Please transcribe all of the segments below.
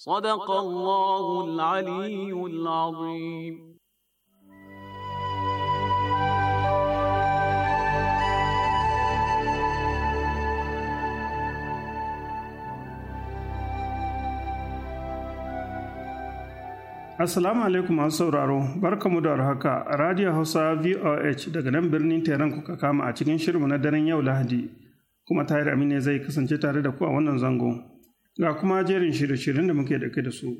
صدق الله العلي العظيم Assalamu alaikum masu sauraro, barkamu da haka Radio Hausa VOH daga nan birnin Teran kuka kama a cikin shirinmu na daren yau Lahadi, kuma Tahir Amine zai kasance tare da ku a wannan zango. ga kuma jerin shirye-shiryen da muke dauke da su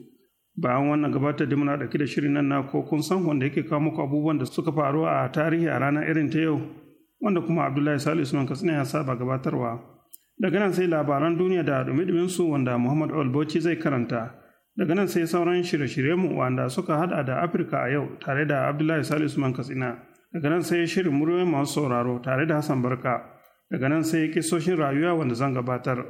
bayan wannan gabatar da muna dauke da shirin nan na ko kun san wanda yake kawo muku abubuwan da suka faru a tarihi a ranar irin ta yau wanda kuma abdullahi salisu usman katsina ya saba gabatarwa daga nan sai labaran duniya da dumi su wanda muhammad olboci zai karanta daga nan sai sauran shirye-shirye mu wanda suka hada da afirka a yau tare da abdullahi salisu usman katsina daga nan sai shirin muryoyin masu sauraro tare da hassan barka daga nan sai kisoshin rayuwa wanda zan gabatar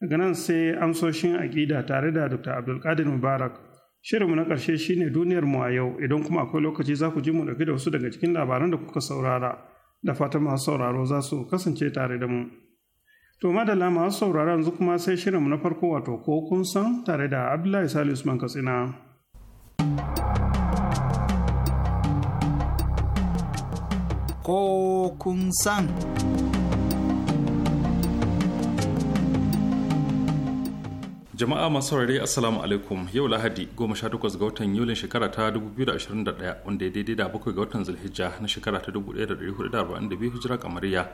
daga nan sai amsoshin aƙida tare da dr abdulkadir mubarak shirinmu na ƙarshe shine duniyar mu a yau idan kuma akwai lokaci za ku ji mu ɗauki da wasu daga cikin labaran da kuka saurara da fatan masu sauraro za su kasance tare da mu to madalla masu sauraro yanzu kuma sai shirinmu na farko wato ko kun san tare da abdullahi sali usman katsina ko kun san jama'a masu saurare assalamu alaikum yau lahadi 18 ga watan yulin shekara ta 2021 wanda ya daidai da bakwai ga watan zulhijja na shekara ta 1442 hijira kamariya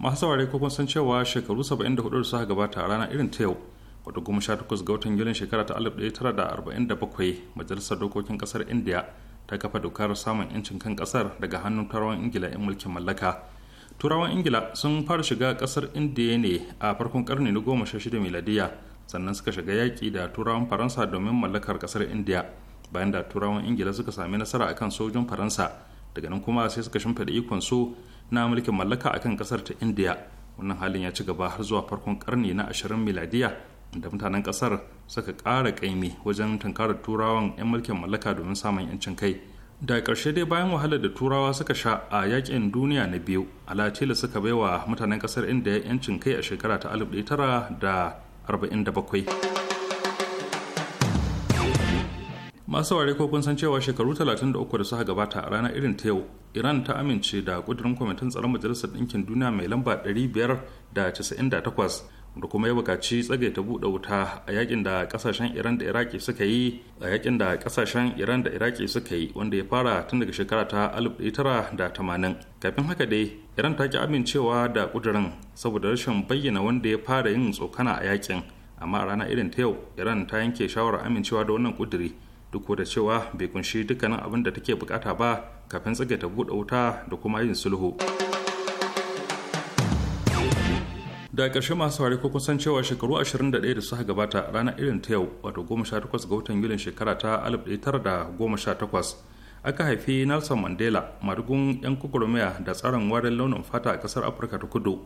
masu saurare ko kun san cewa shekaru 74 da suka gabata a rana irin ta yau wato 18 ga watan yulin shekara ta 1947 majalisar dokokin kasar india ta kafa dokar samun yancin kan kasar daga hannun turawan ingila 'yan mulkin mallaka turawan ingila sun fara shiga kasar indiya ne a farkon karni na 16 miladiya sannan suka shiga yaƙi da turawan faransa domin mallakar kasar indiya bayan da turawan ingila suka sami nasara akan sojin faransa daga nan kuma sai suka shimfida ikon su na mulkin mallaka akan kasar ta indiya wannan halin ya ci gaba har zuwa farkon karni na ashirin miladiya da mutanen kasar suka kara ƙaimi wajen tunkarar turawan 'yan mulkin mallaka domin samun 'yancin kai da ƙarshe dai bayan wahalar da turawa suka sha a yakin duniya na biyu alatila suka baiwa mutanen kasar indiya yancin kai a shekara ta da. 47 masu ware ko kun san cewa shekaru 33 da suka gabata a ranar irin ta yau iran ta amince da kudurin kwamitin tsaron majalisar ɗinkin duniya mai lamba 598 da kuma ya bukaci tsage ta buɗe wuta a yakin da kasashen iran da iraki suka yi a yakin da kasashen iran da iraki suka yi wanda ya fara tun daga shekara ta tara da tamanin kafin haka dai iran ta ki amincewa da kudurin saboda rashin bayyana wanda ya fara yin tsokana a yakin amma a rana irin ta yau iran ta yanke shawarar amincewa da wannan kuduri duk da cewa bai kunshi dukkanin abin da take bukata ba kafin tsage ta buɗe wuta da kuma yin sulhu. da ƙarshe masu saurari ko kusan cewa shekaru 21 da suka gabata ranar irin ta yau wato 18 ga watan yulin shekara ta 1918 aka haifi nelson mandela madugun 'yan kukurmiya da tsarin warin launin fata a ƙasar afirka ta kudu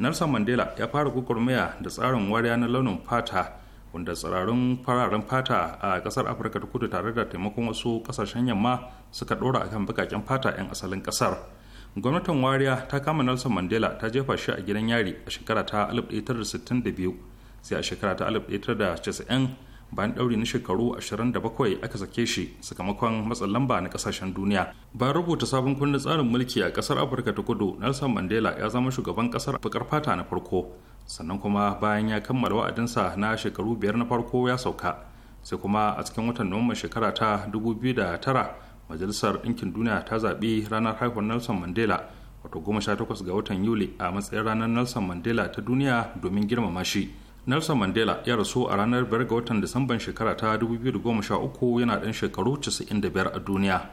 nelson mandela ya fara kukurmiya da tsarin wariya na launin fata wanda tsirarun fararen fata a ƙasar afirka ta kudu tare da taimakon wasu ƙasashen yamma suka ɗora akan bakaken fata 'yan asalin ƙasar gwamnatin wariya ta kama nelson mandela ta jefa shi a gidan yari a shekara ta 1962 sai a shekara ta 1990 bayan ɗauri na shekaru 27 aka sake shi sakamakon matsin lamba na kasashen duniya bayan rubuta sabon kundin tsarin mulki a ƙasar afirka ta kudu nelson mandela ya zama shugaban ƙasar bakar fata na farko sannan kuma bayan ya kammala wa'adinsa na shekaru biyar na farko ya sauka sai kuma a cikin watan nuwamban shekara ta 2009 majalisar ɗinkin duniya ta zaɓi ranar haihuwar nelson mandela wato 18 ga watan yuli a matsayin ranar nelson mandela ta duniya domin girmama shi nelson mandela ya rasu a ranar biyar ga watan disamban shekara ta 2013 yana ɗan shekaru 95 a duniya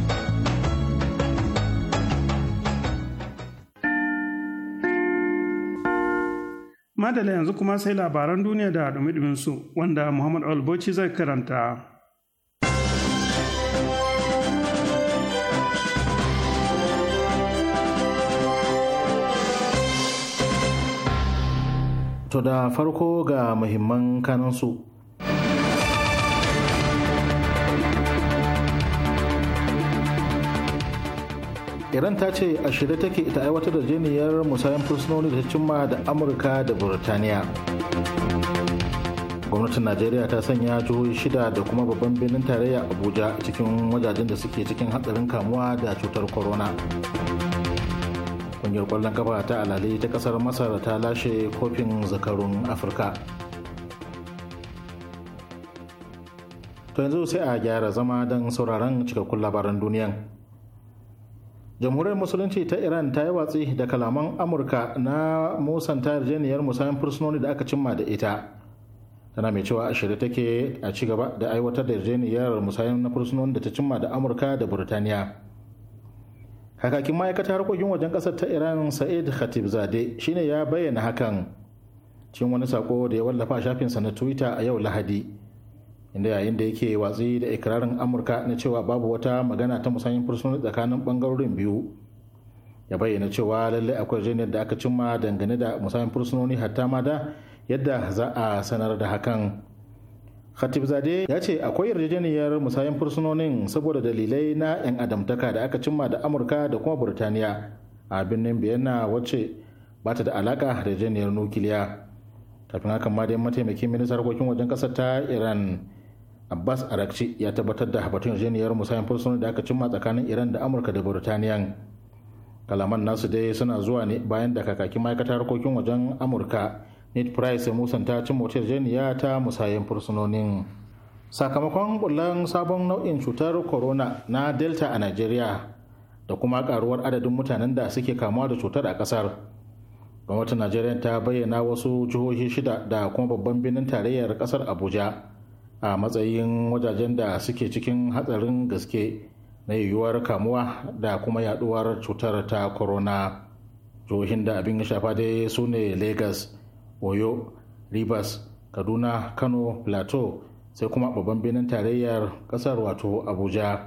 Madala yanzu kuma sai labaran duniya da dumi su wanda Muhammad Alboci zai karanta. To da farko ga muhimman kanansu. iran ta ce a shirye take ita aiwatar da jeniyar musayan fursunoni da ta cimma da amurka da burtaniya gwamnatin najeriya ta sanya jihohi shida da kuma babban birnin tarayya abuja cikin wajajen da suke cikin hatsarin kamuwa da cutar corona Ƙungiyar kwallon kafa ta alali ta kasar masar ta lashe kofin zakarun afirka to yanzu sai a gyara zama don sauraron cikakkun labaran duniyan jamhuriyar musulunci ta iran ta yi watsi da kalaman amurka na musanta yarjeniyar musayan fursunoni da aka cimma da ita tana mai cewa a shirye take a ci gaba da aiwatar da yarjeniyar musayan na fursunoni da ta cimma da amurka da burtaniya kakakin ma'aikatar harkokin wajen kasar ta iran sa'id khatib zade shine ya bayyana hakan cikin wani sako da ya wallafa a shafinsa na twitter a yau lahadi inda yayin da yake watsi da ikirarin amurka na cewa babu wata magana ta musayin fursunoni tsakanin bangarorin biyu ya bayyana cewa lallai akwai jirgin da aka cimma dangane da musayin fursunoni hatta ma da yadda za a sanar da hakan khatib zade ya ce akwai yarjejeniyar musayin fursunonin saboda dalilai na 'yan adamtaka da aka cimma da amurka da kuma burtaniya a birnin biyana wacce ba ta da alaka da yarjejeniyar nukiliya kafin hakan ma dai mataimakin ministan harkokin wajen kasar ta iran abbas arakci ya tabbatar da habatun yarjejeniyar musayan fursunan da aka cimma tsakanin iran da amurka da burtaniya kalaman nasu dai suna zuwa ne bayan da kakakin ma'aikatar harkokin wajen amurka ned price ya musanta cin motar jeniya ta musayen fursunonin sakamakon bullan sabon nau'in cutar corona na delta a nigeria da kuma karuwar adadin mutanen da suke kamuwa da cutar a kasar gwamnatin nigeria ta bayyana wasu jihohi shida da kuma babban birnin tarayyar kasar abuja a matsayin wajajen da suke cikin hatsarin gaske na yiwuwar kamuwa da kuma yaduwar cutar ta corona jihohin da abin shafa dai su ne lagos oyo rivers kaduna kano plateau sai kuma babban birnin tarayyar kasar wato abuja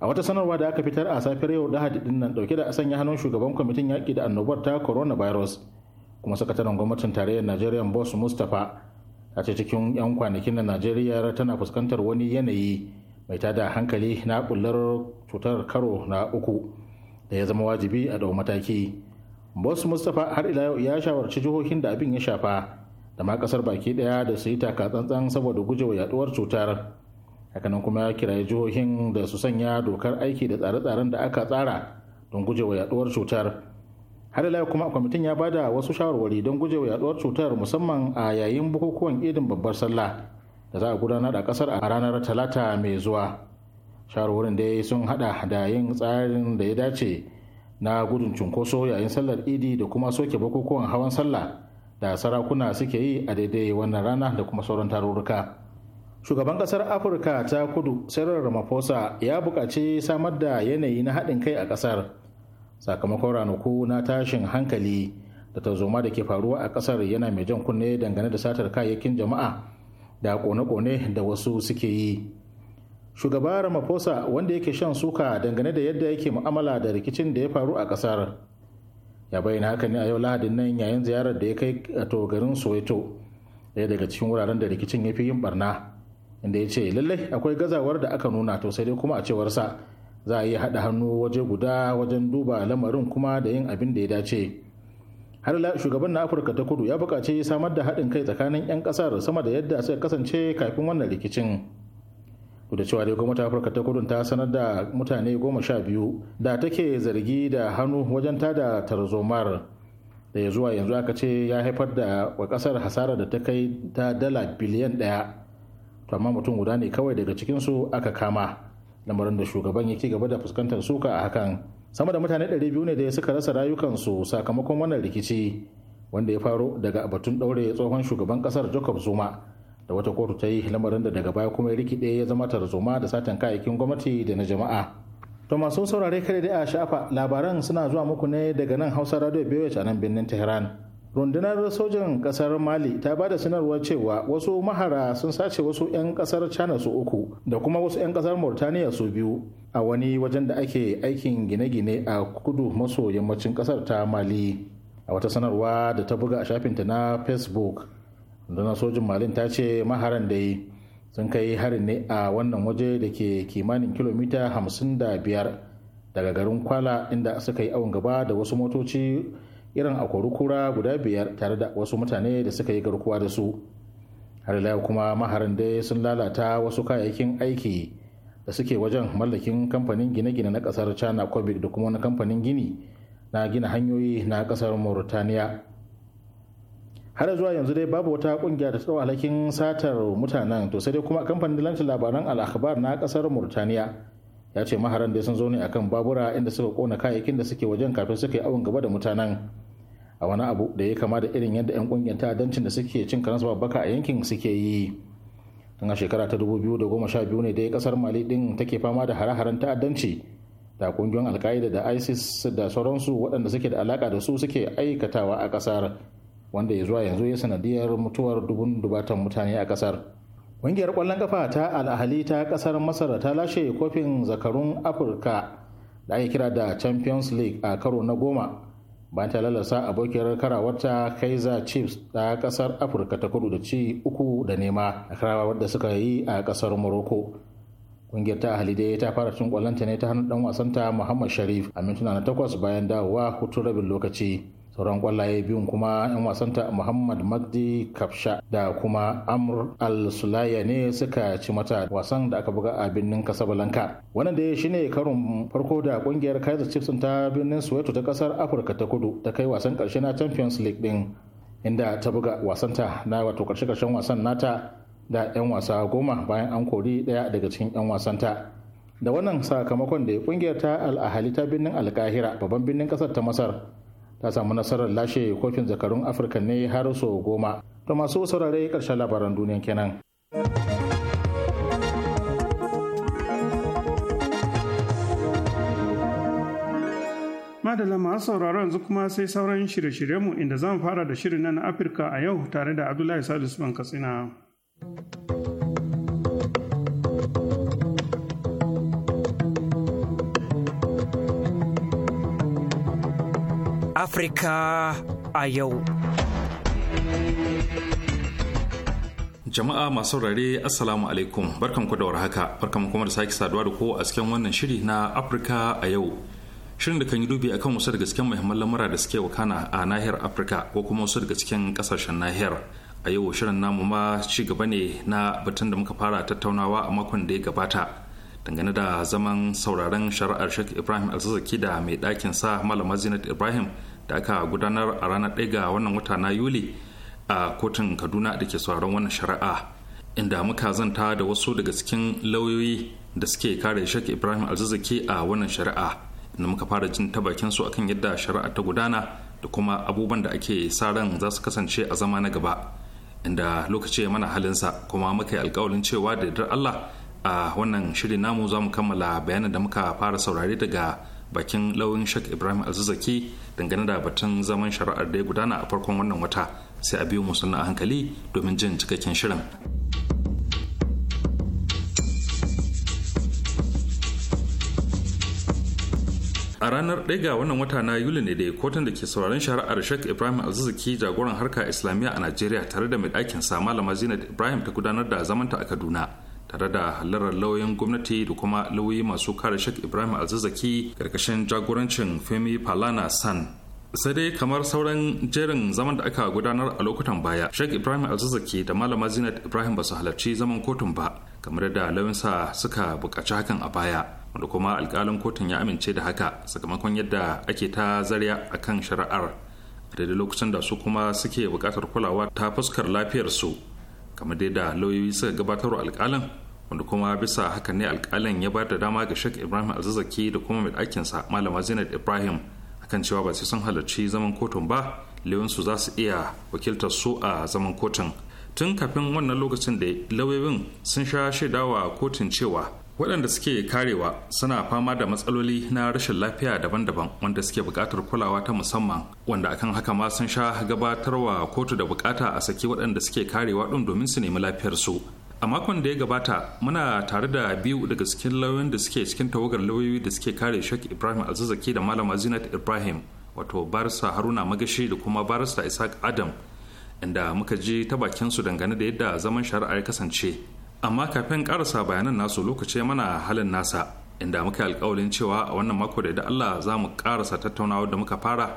a wata sanarwa da aka fitar a safiyar yau lahadi din nan dauke da sanya hannun shugaban kwamitin yaƙi da annobar ta coronavirus kuma sakataren gwamnatin tarayyar najeriya boss mustapha ta ce cikin 'yan kwanakin na najeriya tana fuskantar wani yanayi mai tada hankali na bullar cutar karo na uku da ya zama wajibi a dau mataki boss mustapha har ila yau ya shawarci jihohin da abin ya shafa da ma kasar baki daya da su yi taka tsantsan saboda gujewa yaduwar cutar hakanan kuma ya kiraye jihohin da su sanya dokar aiki da tsare-tsaren da aka tsara don gujewa yaduwar cutar har ila kuma kwamitin ya bada wasu shawarwari don gujewa yaduwar cutar musamman a yayin bukukuwan idin babbar sallah da za a gudanar a kasar a ranar talata mai zuwa shawarwarin dai sun hada da yin tsarin da ya dace na gudun cunkoso yayin sallar idi da kuma soke bukukuwan hawan sallah da sarakuna suke yi a daidai wannan rana da kuma sauran tarurruka shugaban kasar afirka ta kudu sarar ramaphosa ya bukaci samar da yanayi na haɗin kai a ƙasar sakamakon ranaku na tashin hankali da tarzoma da ke faruwa a kasar yana mai jan kunne dangane da satar kayayyakin jama'a da kone-kone da wasu suke yi shugaba ramaphosa wanda yake shan suka dangane da yadda yake mu'amala da rikicin da ya faru a kasar ya bayyana haka ne a yau lahadin nan yayin ziyarar da ya kai a garin soweto daya daga cikin wuraren da rikicin ya fi yin barna inda ya ce lallai akwai gazawar da aka nuna to sai dai kuma a cewarsa za a iya haɗa hannu waje guda wajen duba lamarin kuma da yin abin da ya dace har shugaban na afirka ta kudu ya buƙaci samar da haɗin kai tsakanin 'yan ƙasar sama da yadda suka kasance kafin wannan rikicin duk da cewa dai gwamnatin afirka ta kudu ta sanar da mutane goma sha biyu da take zargi da hannu wajen tada tarzomar da ya zuwa yanzu aka ce ya haifar da wa ƙasar hasara da ta kai ta dala biliyan ɗaya to amma mutum guda ne kawai daga cikinsu aka kama lamarin da shugaban ya ci gaba da fuskantar suka a hakan sama da mutane 200 ne da suka rasa rayukansu sakamakon wannan rikici wanda ya faro daga batun daure tsohon shugaban kasar jacob zuma da wata kotu ta yi lamarin da daga baya kuma ya rikide ya zama tarzoma da satan kayayyakin gwamnati da na jama'a to masu saurare kare da a shafa labaran suna zuwa muku ne daga nan hausa radio biyu a nan birnin tehran rundunar sojan kasar mali ta ba da sanarwar cewa wasu mahara sun sace wasu 'yan kasar china su uku da kuma wasu 'yan kasar mauritaniya su biyu a wani wajen da ake aikin gine-gine a kudu maso yammacin kasar ta mali a wata sanarwa da ta buga a shafinta na facebook rundunar sojin malin ta ce maharan da yi sun kai harin ne a wannan waje da ke kimanin kilomita 55 daga garin kwala inda suka yi awon gaba da wasu motoci irin a kura guda biyar tare da wasu mutane da suka yi garkuwa da su har ila kuma maharin dai sun lalata wasu kayayyakin aiki da suke wajen mallakin kamfanin gine-gine na kasar china covid da kuma wani kamfanin gini na gina hanyoyi na kasar mauritania har zuwa yanzu dai babu wata kungiya da tsawo alhakin satar mutanen to sai dai kuma kamfanin dalancin labaran al'akhbar na kasar mauritania ya ce maharan da sun zo ne akan babura inda suka kona kayayyakin da suke wajen kafin suka yi awon gaba da mutanen a wani abu da ya kama da irin yadda 'yan kungiyar ta'addancin da suke cin karansu babbaka a yankin suke yi tun a shekara ta biyu ne dai kasar mali din take fama da hare-haren ta'addanci da kungiyoyin alkaida da isis da sauransu waɗanda suke da alaka da su suke aikatawa a kasar wanda ya zuwa yanzu ya sanadiyar mutuwar dubun dubatan mutane a kasar Ƙungiyar ƙwallon kafa ta al'ahali ta ƙasar Masar ta lashe kofin zakarun Afirka da ake kira da Champions League a karo na goma bayan ta lalasa abokiyar karawarta Kaiser Chiefs da ƙasar Afirka ta kudu da ci uku da nema a karawar da suka yi a ƙasar Morocco. Ƙungiyar ta ahali dai ta fara cin ƙwallonta ne ta hannun ɗan wasanta Muhammad Sharif a mintuna na takwas bayan dawowa hutun rabin lokaci. sauran kwallaye biyun kuma 'yan wasanta muhammad magdi kafsha da kuma amr al-sulaya ne suka ci mata wasan da aka buga a birnin kasabalanka wannan da shine karon farko da kungiyar kaiser chiefs ta birnin soweto ta kasar afirka ta kudu ta kai wasan karshe na champions league din inda ta buga wasanta na wato karshe karshen wasan nata da 'yan wasa goma bayan an kori daya daga cikin 'yan wasanta da wannan sakamakon da kungiyar ta al-ahali ta birnin alkahira babban birnin kasar ta masar ta samu nasarar lashe kofin zakarun afirka ne har sau goma to masu saurare karshen labaran duniyan kenan madalla masu sauraro yanzu kuma sai sauran shirye-shiryenmu inda zan fara da shirin na afirka a yau tare da abdullahi salisu ban katsina Afirka a yau. Jama'a masu saurare Assalamu alaikum barkanku da haka, barkanku kuma da sake saduwa da ko a cikin wannan shiri na Afirka a yau. Shirin da kan yi dubi akan wasu daga cikin muhimman lamura da suke wakana a nahiyar Afirka ko kuma wasu daga cikin kasashen nahiyar. A yau shirin namu ma ci gaba ne na batun da muka fara tattaunawa a makon da ya gabata. dangane da zaman sauraron shari'ar Sheikh Ibrahim Alzazaki da mai ɗakin sa Malama Zinat Ibrahim da aka gudanar a ranar ɗaya ga wannan wata na yuli a kotun kaduna da ke sauran wannan shari'a inda muka zanta da wasu daga cikin lauyoyi da suke kare shak ibrahim alzazzaki a wannan shari'a inda muka fara jin ta bakin su akan yadda shari'a ta gudana da kuma abubuwan da ake sa ran za su kasance a zama na gaba inda lokaci mana halin sa kuma muka yi alkawalin cewa da yardar allah a wannan shirin namu za mu kammala bayanin da muka fara saurare daga bakin lauyin shek ibrahim alzazzaki dangane da batun zaman shari'ar da ya gudana a farkon wannan wata sai a biyo musulun a hankali domin jin cikakken shirin a ranar ɗaya ga wannan wata na yuli ne da kotun da ke sauraron shari'ar shak ibrahim alzazzaki jagoran harka islamiyya a najeriya tare da mai ɗakin sa malama zinat ibrahim ta gudanar da zamanta a kaduna tare da halarar lauyan gwamnati da kuma lauyi masu kare shek ibrahim azizaki karkashin jagorancin femi palana san sai dai kamar sauran jerin zaman da aka gudanar a lokutan baya shek ibrahim azizaki da malama zinat ibrahim ba su halarci zaman kotun ba kamar da lauyinsa suka buƙaci hakan a baya wanda kuma alƙalin kotun ya amince da haka sakamakon yadda ake ta zarya akan shari'ar A daidai lokacin da su kuma suke buƙatar kulawa ta fuskar lafiyarsu kamar dai da lauyoyi suka gabatar gabatarwa alƙalin wanda kuma bisa haka ne alƙalin ya ba da dama ga shek ibrahim alzazzaki da kuma mai ɗakinsa malama zainab ibrahim akan cewa ba sai sun halarci zaman kotun ba su za su iya wakiltar su a zaman kotun tun kafin wannan lokacin da lauyoyin sun sha shaidawa kotun cewa waɗanda suke karewa suna fama da matsaloli na rashin lafiya daban-daban wanda suke buƙatar kulawa ta musamman wanda akan haka ma sun sha gabatarwa kotu da buƙata a saki waɗanda suke karewa ɗin domin su nemi lafiyar su a makon da ya gabata muna tare da biyu daga cikin lauyoyin da suke cikin tawagar lauyoyi da suke kare shek ibrahim alzazaki da malama zinat ibrahim wato barista haruna magashi da kuma barista isaac adam inda muka ji ta bakinsu dangane da yadda zaman shari'a ya kasance amma kafin karasa bayanan nasu lokaci mana halin nasa inda muka alkawalin cewa a wannan mako da Allah za mu karasa tattaunawa da muka fara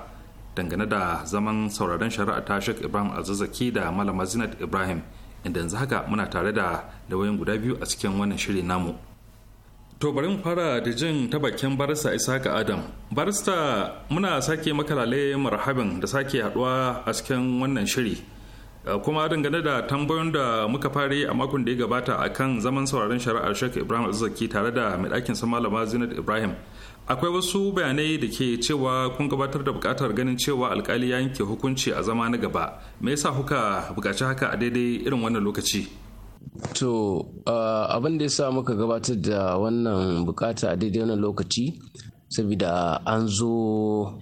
dangane da zaman sauraron shari'a ta Sheikh Ibrahim Azazaki da Malama Zinat Ibrahim inda yanzu haka muna tare da dawayin guda biyu a cikin wannan shiri namu. To bari mu fara da jin ta bakin barista Isaka Adam. Barista muna sake makalale marhabin da sake haduwa a cikin wannan shiri. Uh, kuma dangane da tambayoyin da muka fare a makon da ya gabata a kan zaman sauraron shari'ar shek ibrahim azzaki tare da mai ɗakin sa malama zinat ibrahim akwai wasu bayanai da ke cewa kun gabatar da bukatar ganin cewa alkali ya yanke hukunci a zama na gaba me yasa kuka buƙaci haka a daidai irin wannan lokaci to uh, abin da ya sa muka gabatar da wannan bukata a daidai wannan lokaci saboda an zo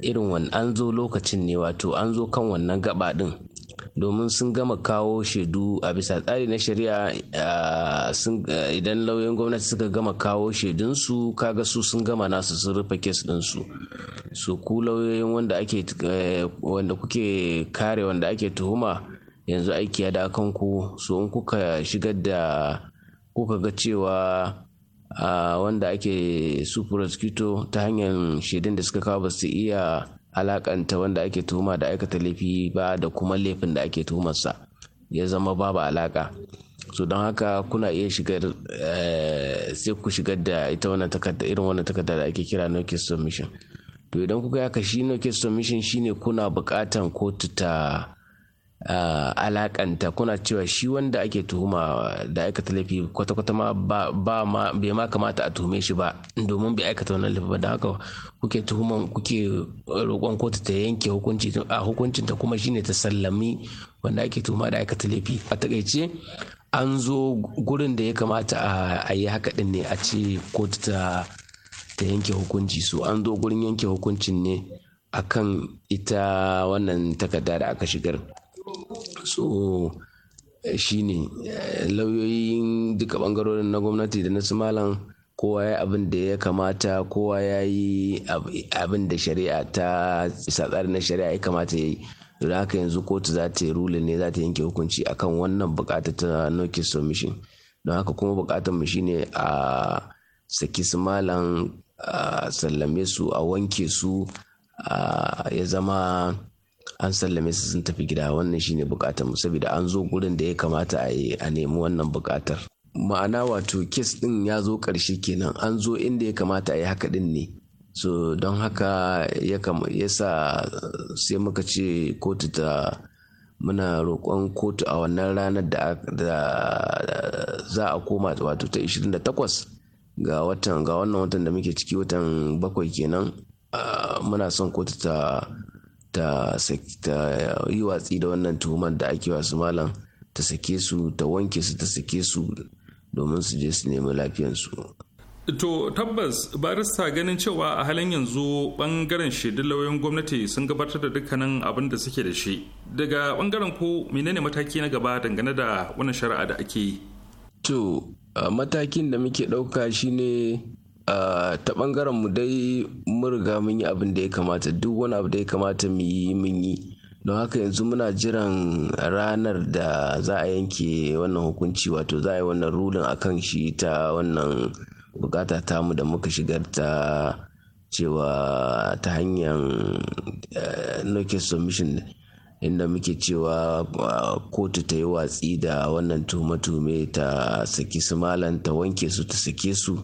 irin an zo lokacin ne wato an zo kan wannan gaba din domin sun gama kawo shaidu a bisa tsari na shari'a idan lauyoyin gwamnati suka gama kawo shaidunsu kaga su sun gama nasu sun rufe kes ɗinsu su ku lauyoyin eh, wanda kuke kare wanda ake tuhuma yanzu aiki ya da kanku su in kuka shigar da kuka ga cewa wanda ake su ta hanyar shaidun da suka kawo ba su iya alakanta wanda ake tuhuma da aikata laifi ba da kuma laifin da ake tuhumarsa ya zama babu alaka so don haka kuna iya shigar eh, sai ku shigar da ita wannan takarda irin wannan takarda da ake kira case submission to idan kuka yaka shi case submission shine kuna bukatan kotu ta Ah, alakanta kuna cewa shi wanda ake tuhuma da aikata laifi kwata-kwata ma ba ma bai ma kamata a tuhume shi ba domin bai aikata wannan laifi ba da haka kuke tuhuman kuke roƙon kotu ta yanke hukunci a hukuncinta kuma shine ta sallami wanda ake tuhuma da aikata laifi a takaice an zo gurin da ya kamata a yi haka din ne a ce kotu ta yanke hukunci su an zo gurin yanke hukuncin ne akan ita wannan takarda da aka shigar so eh, shi ne eh, lauyoyin duka bangarorin na gwamnati da na su malam kowa ya abin da ya kamata kowa ya yi abin da shari'a ta isa tsarin na shari'a ya kamata ya yi da haka yanzu kotu za ta yi rulin ne za ta yanke hukunci akan wannan bukata ta noke submission don haka kuma bukatar mu shine a saki su malam sallame su a wanke su a ya zama an sallame su sun tafi gida wannan shine bukatar mu saboda an zo gurin da ya kamata a yi a nemi wannan bukatar ma'ana wato kes din ya zo karshe kenan an zo inda ya kamata a yi haka din ne so don haka ya sa sai muka ce kotu ta muna roƙon kotu a wannan ranar da za a koma wato ta 28 ga ga wannan watan da muke ciki watan bakwai kenan ah, muna son kotu ta ta yi watsi da wannan tuhumar da ake wasu malam ta sake su ta wanke su ta sake su domin su je su nemi lafiyansu. To tabbas barista ganin cewa a halin yanzu bangaren shaidun lauyan gwamnati sun gabatar da dukkanin abin da suke da shi. Daga bangaren ko menene mataki na gaba dangane da wannan shari'a da ake yi? To matakin da muke ɗauka shine ta bangaren mu dai mun riga mun yi abin da ya kamata duk wani abu da ya kamata mu yi mun yi don haka yanzu muna jiran ranar da za a yanke wannan hukunci wato za a yi wannan rulin akan shi ta wannan bukata tamu da muka shigar ta cewa ta hanyar eh, nokia submission inda muke cewa eh, kotu ta yi watsi da wannan tuhume-tuhume ta saki su malam ta wanke su ta sake su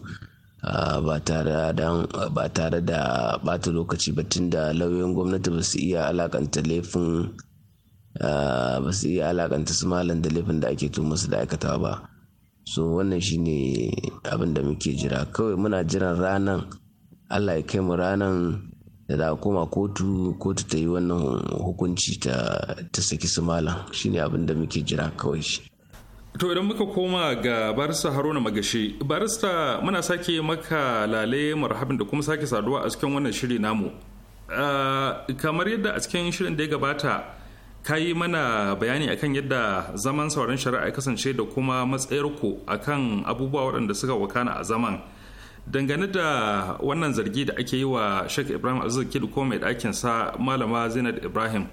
Ah, ba tare da bata lokaci ba tunda lauyoyin gwamnati ba su iya alakanta laifin ah, ba su iya alakanta su malam da laifin da ake tuma su da aikata ba so wannan shine abin da muke jira kawai muna jiran ranan allah ya kai mu ranan da za koma kotu kotu ta yi wannan hukunci ta saki su malam shine abin da muke jira kawai shi To idan muka koma ga barista Haruna Magashi, barista muna sake maka lale marhabin da kuma sake saduwa a cikin wannan shiri namu. Ah, kamar yadda a cikin shirin da ya gabata ka yi mana bayani akan yadda zaman sauran shari'a ya kasance da kuma matsayar matsayarku akan abubuwa waɗanda suka wakana a zaman. Dangane da wannan zargi da ake yi wa Sheikh Ibrahim Aziz Kidu ko mai sa Malama Zainab Ibrahim.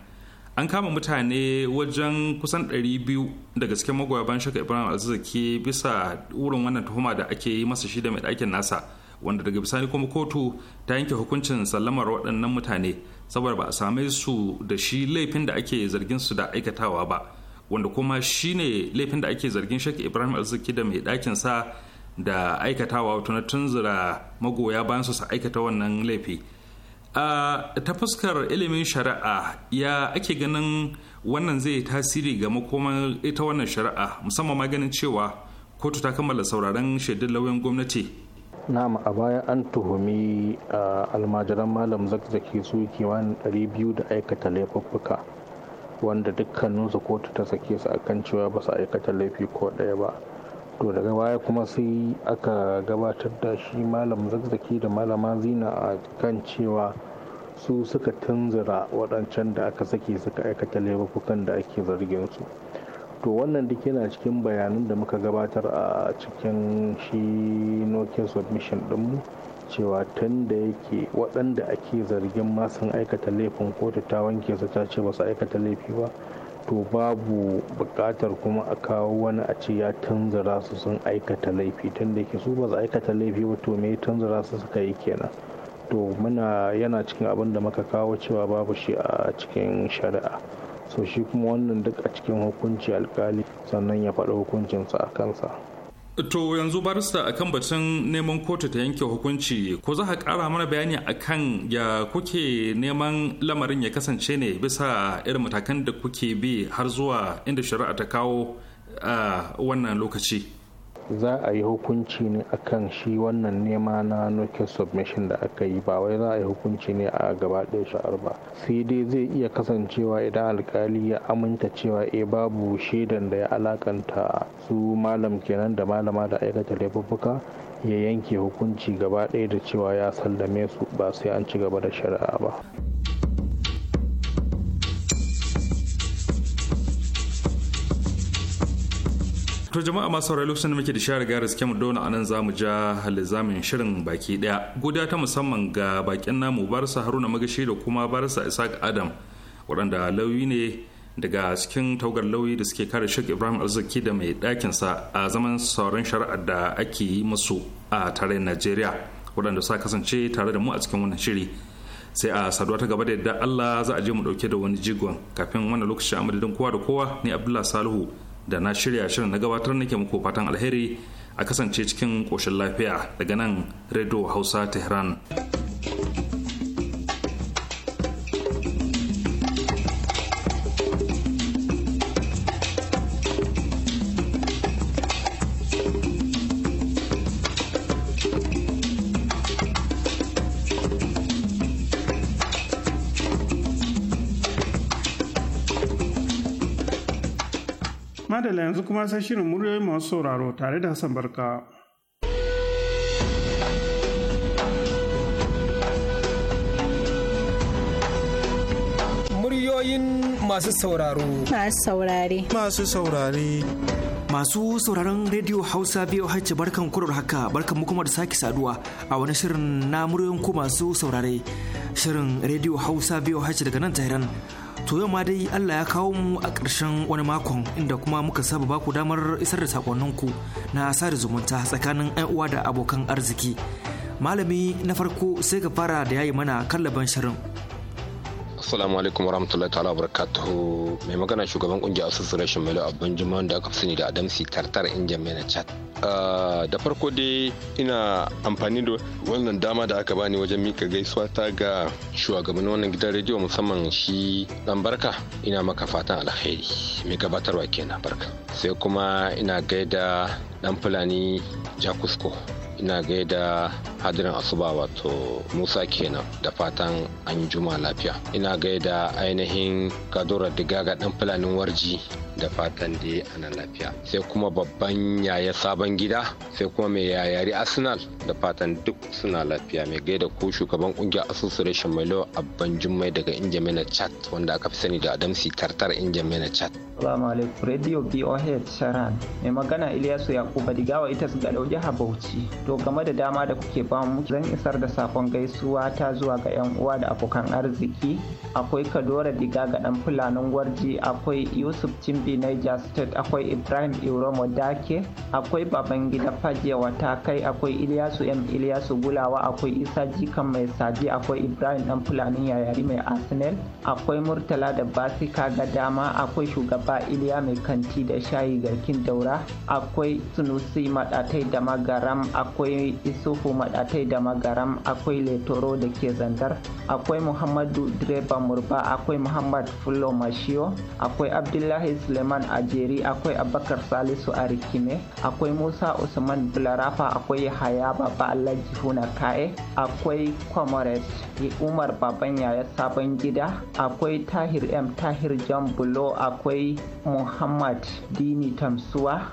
an kama mutane wajen kusan 200 daga cikin magoya ban shaka ibrahim alzizaki bisa wurin wannan tuhuma da ake yi masa shi da mai ɗakin nasa wanda daga bisani kuma kotu ta yanke hukuncin sallamar waɗannan mutane saboda ba a same su da shi laifin da ake zargin su da aikatawa ba wanda kuma shi ne laifin da ake zargin shaka ibrahim alzizaki da mai ɗakin sa da aikatawa wato na tunzura magoya bayan su aikata wannan laifi a ta fuskar ilimin shari'a ya ake ganin wannan zai tasiri ga makoman ita wannan shari'a musamman ma ganin cewa kotu ta kammala sauraron shaidun lauyan gwamnati Na'am a baya an tuhumi almajiran Malam Zakzaki su kimanin 200 da aikata laifuffuka wanda dukkaninsu kotu ta sake su akan cewa ba su aikata laifi ko ɗaya ba. to daga baya kuma sai aka gabatar da shi malam zazzaki da malama zina a kan cewa su suka tunzura waɗancan da aka sake suka aikata laifukan da ake zargin su to wannan duk yana cikin bayanan da muka gabatar a cikin shi nokin submission ɗinmu cewa tun da yake waɗanda ake zargin ma aikata laifin kotu ta wanke su ta ce ba su aikata laifi ba to babu buƙatar kuma a kawo wani a ce ya tanzara su sun aikata laifi tun da ke su ba su aikata laifi ba to me tanzara su suka yi kenan to muna yana cikin abin da muka kawo cewa babu shi a cikin shari'a so shi kuma wannan duk a cikin hukunci alkali sannan ya faɗi hukuncinsa a kansa To yanzu barista akan batun neman kotu ta yanke hukunci ko za ka kara mana bayani akan ya kuke neman lamarin ya kasance ne bisa irin matakan da kuke bi har zuwa inda shari'a ta kawo a ah, wannan lokaci. za a yi hukunci ne akan shi wannan nema na nuke submission da aka yi ba wai za a yi hukunci ne a gaba ɗaya sha'ar ba sai dai zai iya kasancewa idan alkali ya aminta cewa e babu shaidan da ya alakanta su malam kenan da malama da aikata laifuffuka ya yanke hukunci gaba ɗaya da cewa ya sallame su ba sai an ci gaba da shari'a ba. to jama'a masu saurari lokacin da muke da share gara suke mu dona anan za mu ja lizamin shirin baki daya guda ta musamman ga bakin namu barsa haruna magashi da kuma barsa isaac adam waɗanda lauyi ne daga cikin taugar lauyi da suke kare sheikh ibrahim arziki da mai sa a zaman sauran shari'ar da ake yi musu a tare najeriya waɗanda sa kasance tare da mu a cikin wannan shiri sai a saduwa ta gaba da yadda allah za a je mu dauke da wani jigon kafin wannan lokaci a madadin kowa da kowa ne abdullah salihu da na shirya shirin na gabatar nake muku fatan alheri a kasance cikin ƙoshin lafiya daga nan radio hausa tehran madala yanzu kuma sai shirin muryoyi masu sauraro tare da hassan barka muryoyin masu sauraro masu saurare masu saurare Masu sauraron Radio Hausa biyu VOH barkan kurar haka barkan mu kuma da sake saduwa a wani shirin na muryoyin ku masu saurare. Shirin Radio Hausa biyu VOH daga nan Tehran To yau ma dai Allah ya kawo mu a ƙarshen wani makon inda kuma muka saba ba ku damar isar da sakonninku na sada zumunta tsakanin 'yan uwa da abokan arziki. Malami na farko sai ka fara da yayi mana kallaban shirin. Assalamu alaikum warahmatullahi ta'ala barakatuhu mai magana shugaban kungiyar association Melo Abban juma'a da aka fi sani da Adamsi Tartar Injin na Chat. Ah, da farko dai ina amfani da wannan dama da aka bani wajen mika gaisuwa ta ga shugaban wannan gidan rediyo musamman shi dan barka ina maka fatan alheri mai gabatarwa kenan barka sai kuma ina gaida dan fulani jakusko ina gaida hadirin asuba wato musa kenan da fatan an yi juma lafiya ina gaida ainihin kadura digaga dan fulanin warji da fatan da ana lafiya sai kuma babban yaya sabon gida sai kuma mai yayari arsenal da fatan duk suna lafiya mai gaida ko shugaban kungiyar association mai a abban jummai daga injamina chat wanda aka fi sani da adamsi tartar injamina chat Assalamu alaikum Radio BOH Sharan mai magana Ilyasu Yakuba Digawa ita su ga jihar Bauchi to game da dama da kuke bamu zan isar da sakon gaisuwa ta zuwa ga 'yan uwa da abokan arziki akwai kadora diga ga dan fulanin gwarji akwai yusuf cimbi niger state akwai ibrahim iromo dake akwai baban gida fajewa kai akwai iliyasu m iliyasu gulawa akwai isa jikan mai saji akwai ibrahim dan fulanin yayari mai arsenal akwai murtala da basika ga dama akwai shugaba iliya mai kanti da shayi garkin daura akwai sunusi madatai da magaram akwai akwai isufu maɗatai da magaram akwai letoro da ke zandar akwai muhammadu direba murba akwai muhammad fulo mashiyo akwai abdullahi suleiman ajeri akwai abakar salisu a rikime akwai musa usman bularafa akwai yahaya baba alaji huna ka'e akwai comrade umar baban yaya sabon gida akwai tahir m tahir Bulo. akwai muhammad dini tamsuwa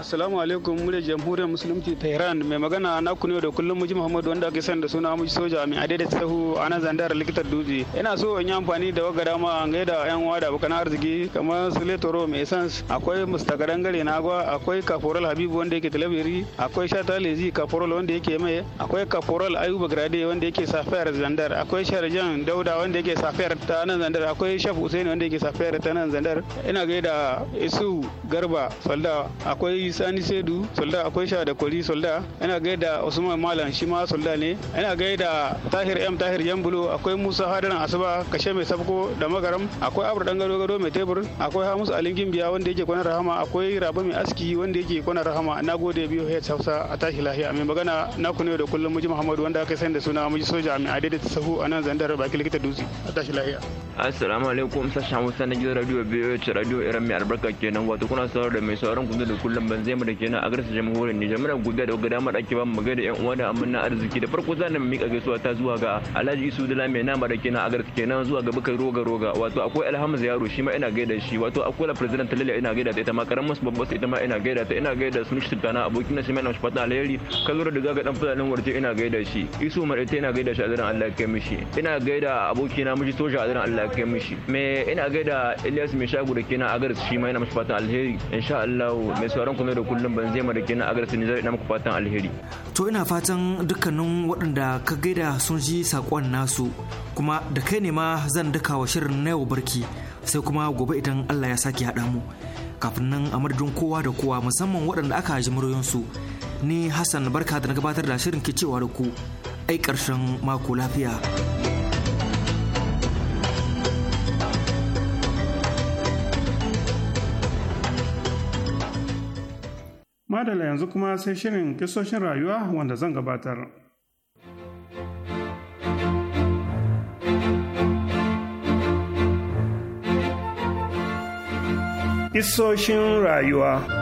Assalamu alaikum muryar jamhuriyar musulunci ta Iran mai magana na ku ne da kullum muji Muhammad wanda ake sani da suna muji soja mai adai da sahu a nan zandar likitar dutse. Ina so in yi amfani da waga dama an gaida yan uwa da abokan arziki kamar Sule Toro mai sans akwai mustakaran gare na agwa akwai Kaforol Habibu wanda yake talabiri akwai Shata Lezi Kaforol wanda yake mai akwai Kaforol Ayuba Grade wanda yake safiyar zandar akwai Sharjan Dauda wanda yake safiyar ta nan zandar akwai Shaf usaini wanda yake safiyar ta nan zandar ina gaida Isu Garba Salda akwai sani saidu solda akwai sha da kwari solda ina gaida usman malam shi ma solda ne ina gaida tahir m tahir yambulo akwai musa hadaran asuba kashe mai sabko da magaram akwai abu dan gado gado mai tebur akwai hamus alin gimbiya wanda yake kwana rahama akwai rabu mai aski wanda yake kwana rahama na gode biyu hayat hausa a tashi lahiya mai magana na ku ne da kullum muji muhammadu wanda aka sani da suna muji soja mai adai da sahu a nan zandar baki likita dutse a tashi lahiya assalamu alaikum sashen hausa na gidan radio biyu radio iran mai albarka kenan wato kuna saurar da mai sauran kuma da kullum ban nan zai da kenan a garsa jamhuriyar Nijar muna godiya da gada mu dake ba mu ga da yan uwa da amana arziki da farko zan mu mika gaisuwa ta zuwa ga Alhaji Isu Dala mai nama da kenan a garsa kenan zuwa ga Bukar Roga Roga wato akwai Alhamza Yaro shi ma ina gaida shi wato akwai la president Lalle ina gaida ta ita ma karamin su babba ita ma ina gaida ta ina gaida su mishi tana abokin na shi mai na shi fata alheri kallura da gaga dan fulani warje ina gaida shi Isu Umar ita ina gaida shi a daren Allah ya kai mishi ina gaida abokina miji soja a daren Allah ya kai mishi me ina gaida Ilyas mai shago da kenan a garsa shi ma ina mishi fata alheri insha Allah mai sauran kuma da kullum ban zai mara kenan agarsu ne zai muku fatan alheri. To ina fatan dukkanin waɗanda ka gaida sun ji saƙon nasu kuma da kai ne ma zan daka wa shirin na yau barki sai kuma gobe idan Allah ya sake haɗa mu. Kafin nan a madadin kowa da kowa musamman waɗanda aka ji muryoyinsu ni Hassan barka da na gabatar da shirin ke cewa da ku ai ƙarshen mako lafiya. madala yanzu kuma sai shirin kisoshin rayuwa wanda zan gabatar. Isoshin rayuwa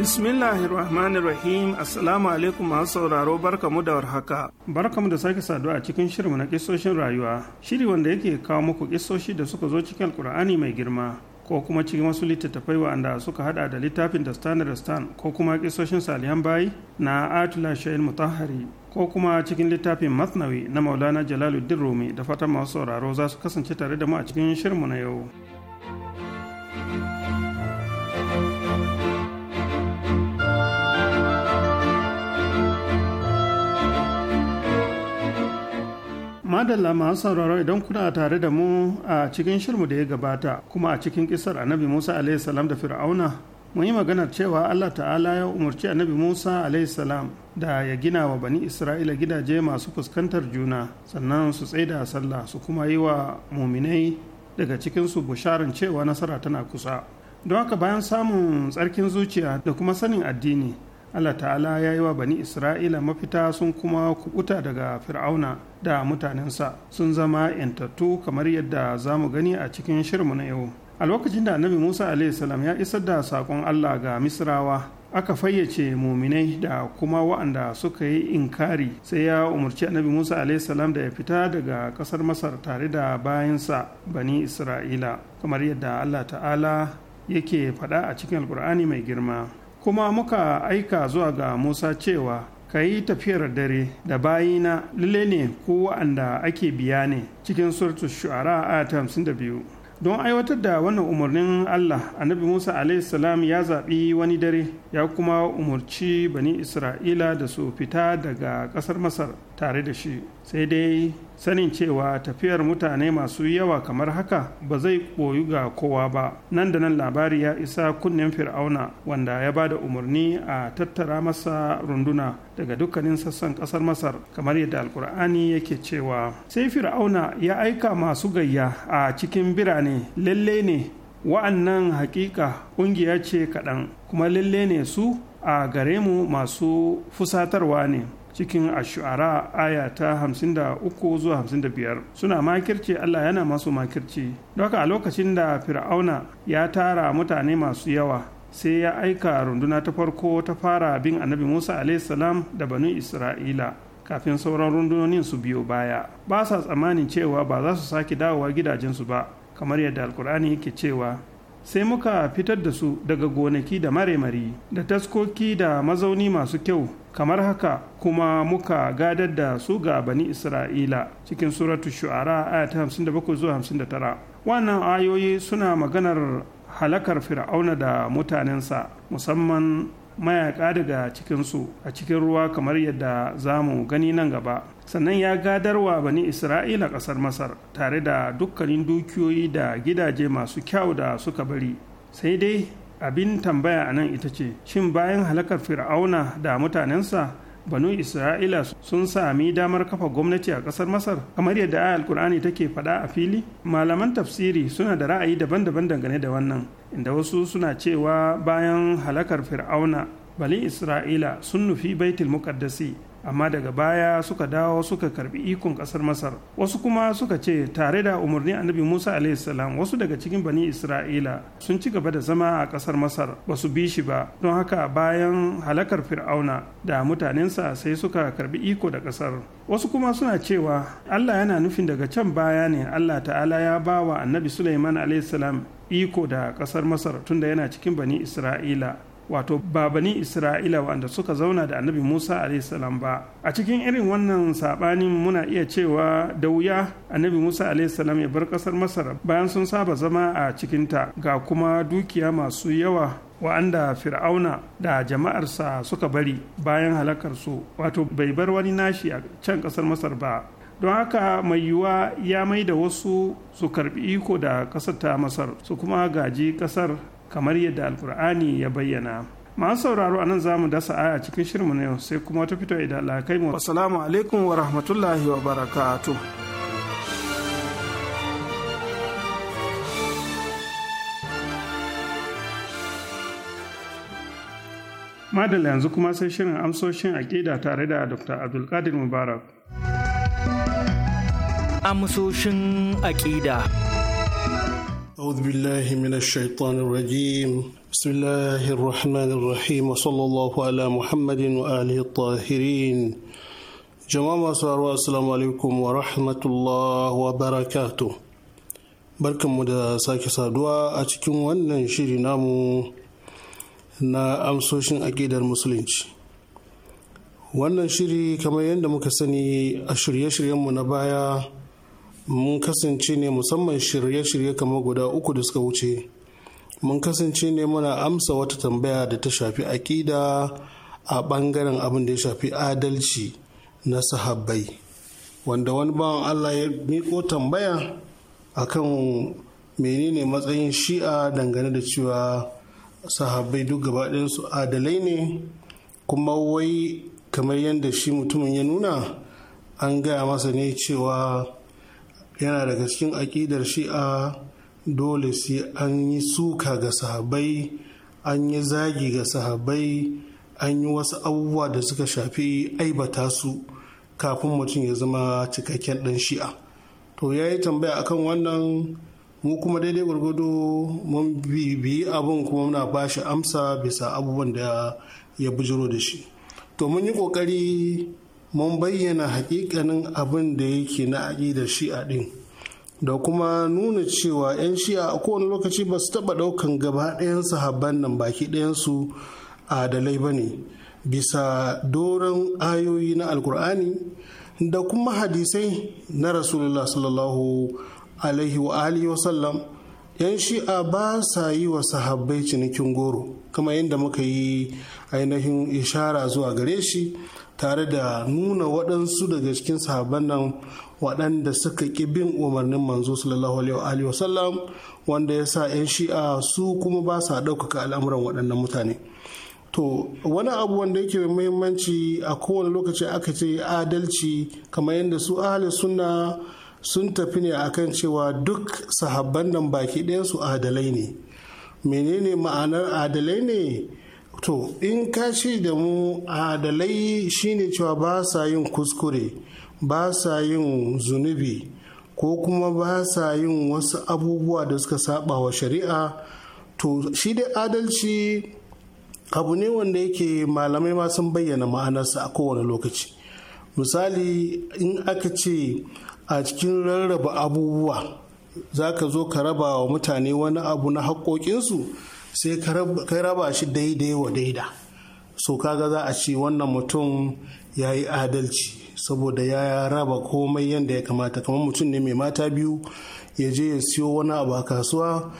rahim Assalamu alaikum masu sauraro barkamu da warhaka. Barkamu da sake saduwa a cikin shirin na kisoshin rayuwa, shiri wanda yake kawo muku kisoshi da suka zo cikin Alkur'ani mai girma. ko kuma cikin wasu littattafai wa'anda suka hada da littafin da standard stan ko kuma kisoshin salihan bayi na atula shahil mutahari ko kuma cikin littafin masnawi na maulana jalaluddin rumi da fatan masu sauraro za su kasance tare da mu a cikin shirinmu na yau. madalla masu sauraro idan kuna tare da mu a cikin shirmu da ya gabata kuma a cikin kisar annabi musa salam da fir'auna mun yi maganar cewa allah ta'ala ya umarci annabi musa salam da ya gina wa bani isra'ila gidaje masu fuskantar juna sannan su tsaida sallah su kuma yi wa muminai daga cikinsu busharin cewa nasara tana kusa don haka bayan samun tsarkin zuciya da kuma sanin addini allah ta'ala ya yi wa bani isra'ila mafita sun kuma kubuta daga fir'auna da mutanensa sun zama 'yantattu kamar yadda za mu gani a cikin shirmu na yau a lokacin da annabi musa salam ya isar da saƙon allah ga misrawa aka fayyace muminai da kuma wa'anda suka yi inkari sai ya umarci annabi musa salam da ya fita daga ƙasar masar tare da bayansa bani isra'ila kamar yadda allah ta'ala yake faɗa a cikin alkur'ani mai girma kuma muka aika zuwa ga musa cewa ka yi tafiyar dare da bayina lile ne ko wa'anda ake biya ne cikin suratu shu'ara a ta hamsin da biyu don aiwatar da wannan umarnin allah annabi musa salam ya zaɓi wani dare ya kuma umarci bani isra'ila da su fita daga ƙasar masar tare da shi sai dai sanin cewa tafiyar mutane masu yawa kamar haka ba zai koyu ga kowa ba nan da nan labari ya isa kunnen fir'auna wanda ya ba da umarni a tattara masa runduna daga dukkanin sassan ƙasar masar kamar yadda alkur'ani yake cewa sai fir'auna ya aika masu gayya a cikin birane lalle ne wa'annan hakika ƙungiya ce kaɗan kuma lalle ne su a gare mu masu fusatarwa ne cikin ashu'ara aya ta 53 zuwa 55 suna makirce Allah yana masu makirci doka a lokacin da fir'auna ya tara mutane masu yawa sai ya aika runduna ta farko ta fara bin annabi musa salam da banu isra'ila kafin sauran rundunonin su biyo baya ba sa tsammanin cewa ba za su sake dawowa gidajensu ba kamar yadda alkur'ani yake cewa sai muka fitar da su daga gonaki da maremari da taskoki da mazauni masu kyau kamar haka kuma muka gadar da su ga bani isra'ila cikin suratu shu'ara hamsin da bakwai zuwa tara, wannan ayoyi suna maganar halakar fir'auna da mutanensa musamman mayaka daga cikinsu a cikin ruwa kamar yadda za mu gani nan gaba sannan ya gadarwa bani isra'ila ƙasar masar tare da dukkanin dukiyoyi da gidaje masu kyau da suka bari sai dai abin tambaya a nan ita ce shin bayan halakar fir'auna da mutanensa banu isra'ila sun sami damar kafa gwamnati a ƙasar masar kamar yadda ayar alkur'ani take faɗa a fili malaman tafsiri suna da ra'ayi daban-daban dangane da wannan inda wasu suna cewa bayan halakar fir'auna bali isra'ila sun nufi baitul muqaddasi amma daga baya suka dawo suka karbi ikon kasar masar wasu kuma suka ce tare da umarni annabi musa salam wasu daga cikin bani isra'ila sun ci gaba da zama a kasar masar ba su bi shi ba don haka bayan halakar fir'auna da mutanensa sai suka karbi iko da kasar wasu kuma suna cewa allah yana nufin daga can baya ne allah ta'ala ya ba wa annabi suleiman salam iko da kasar masar tunda yana cikin bani isra'ila wato babani isra'ila wanda suka zauna da annabi musa salam ba a cikin irin wannan saɓanin muna iya cewa da wuya annabi musa salam ya bar ƙasar masar bayan sun saba zama a cikinta ga kuma dukiya masu yawa wa'anda fir'auna da jama'arsa suka bari bayan halakarsu wato bai bar wani nashi a can ƙasar masar ba don haka mai yiwuwa ya mai da wasu su karbi iko da ƙasar ta masar su kuma gaji ƙasar kamar yadda alkur'ani ya bayyana masu sauraro a nan za mu dasa aya cikin shirmu na yau sai kuma wata fito idan Allah kai mu assalamu alaikum wa rahmatullahi wa barakatuh madalla yanzu kuma sai shirin amsoshin aƙida tare da dr abdulkadir mubarak amsoshin aƙida أعوذ بالله من الشيطان الرجيم بسم الله الرحمن الرحيم وصلى الله على محمد وآله الطاهرين جماعة ساروا السلام عليكم ورحمة الله وبركاته barkan da sake saduwa a cikin wannan shiri namu na amsoshin aƙidar musulunci wannan shiri kamar yadda muka sani a shirye-shiryenmu na baya mun kasance ne musamman shirye-shirye kamar guda uku da suka wuce mun kasance ne muna amsa wata tambaya da ta shafi aƙida a ɓangaren abin da ya shafi adalci na sahabbai wanda wani bawan allah ya miko tambaya akan menene matsayin shi'a dangane da cewa sahabbai duk gaba su adalai ne kuma wai kamar yadda shi mutumin ya nuna an gaya masa ne cewa yana daga cikin aƙidar shi'a dole sai an yi suka ga sahabai an yi zagi ga sahabai an yi wasu abubuwa da suka shafi aibata su kafin mutum ya zama cikakken ɗan shi'a to ya yi tambaya akan wannan mu kuma daidai gwargwado mun bibiyi abin kuma muna bashi amsa bisa abubuwan da ya bujiro da shi to mun yi ƙoƙari mun bayyana hakikanin abin da yake na aƙidar shi'a ɗin da kuma nuna cewa 'yan shi'a a kowane lokaci ba su taɓa ɗaukan gaba ɗayan sahabban nan baki ɗayansu adalai ba ne bisa doron ayoyi na alkur'ani da kuma hadisai na rasulullah sallallahu alaihi wa alihi 'yan shi'a ba sa yi wa sahabbai cinikin goro kama yadda muka yi ainihin ishara zuwa gare shi tare da nuna waɗansu daga cikin sahabban nan waɗanda suka ƙi bin umarnin manzo sallallahu alaihi wa wasallam wanda ya sa 'yan shi'a su kuma ba sa ɗaukaka al'amuran waɗannan mutane to wani abu wanda yake muhimmanci a kowane lokaci aka ce adalci kamar yadda su ahli sunna sun tafi ne akan cewa duk sahabban nan baki ɗayansu adalai ne menene ma'anar adalai ne to in kashi da mu adalai shine cewa ba sa yin kuskure ba sa yin zunubi ko kuma ba sa yin wasu abubuwa da suka saba wa shari'a to shi dai adalci abu ne wanda yake malamai ma sun bayyana ma'anarsa a kowane lokaci misali in aka ce a cikin rarraba abubuwa za ka zo ka raba wa mutane wani abu na haƙoƙinsu sai kai raba shi daidai wa daida so kaga za a ce wannan mutum ya yi adalci saboda ya raba komai yadda ya kamata kamar mutum ne mai mata biyu ya je ya siyo wani abu a kasuwa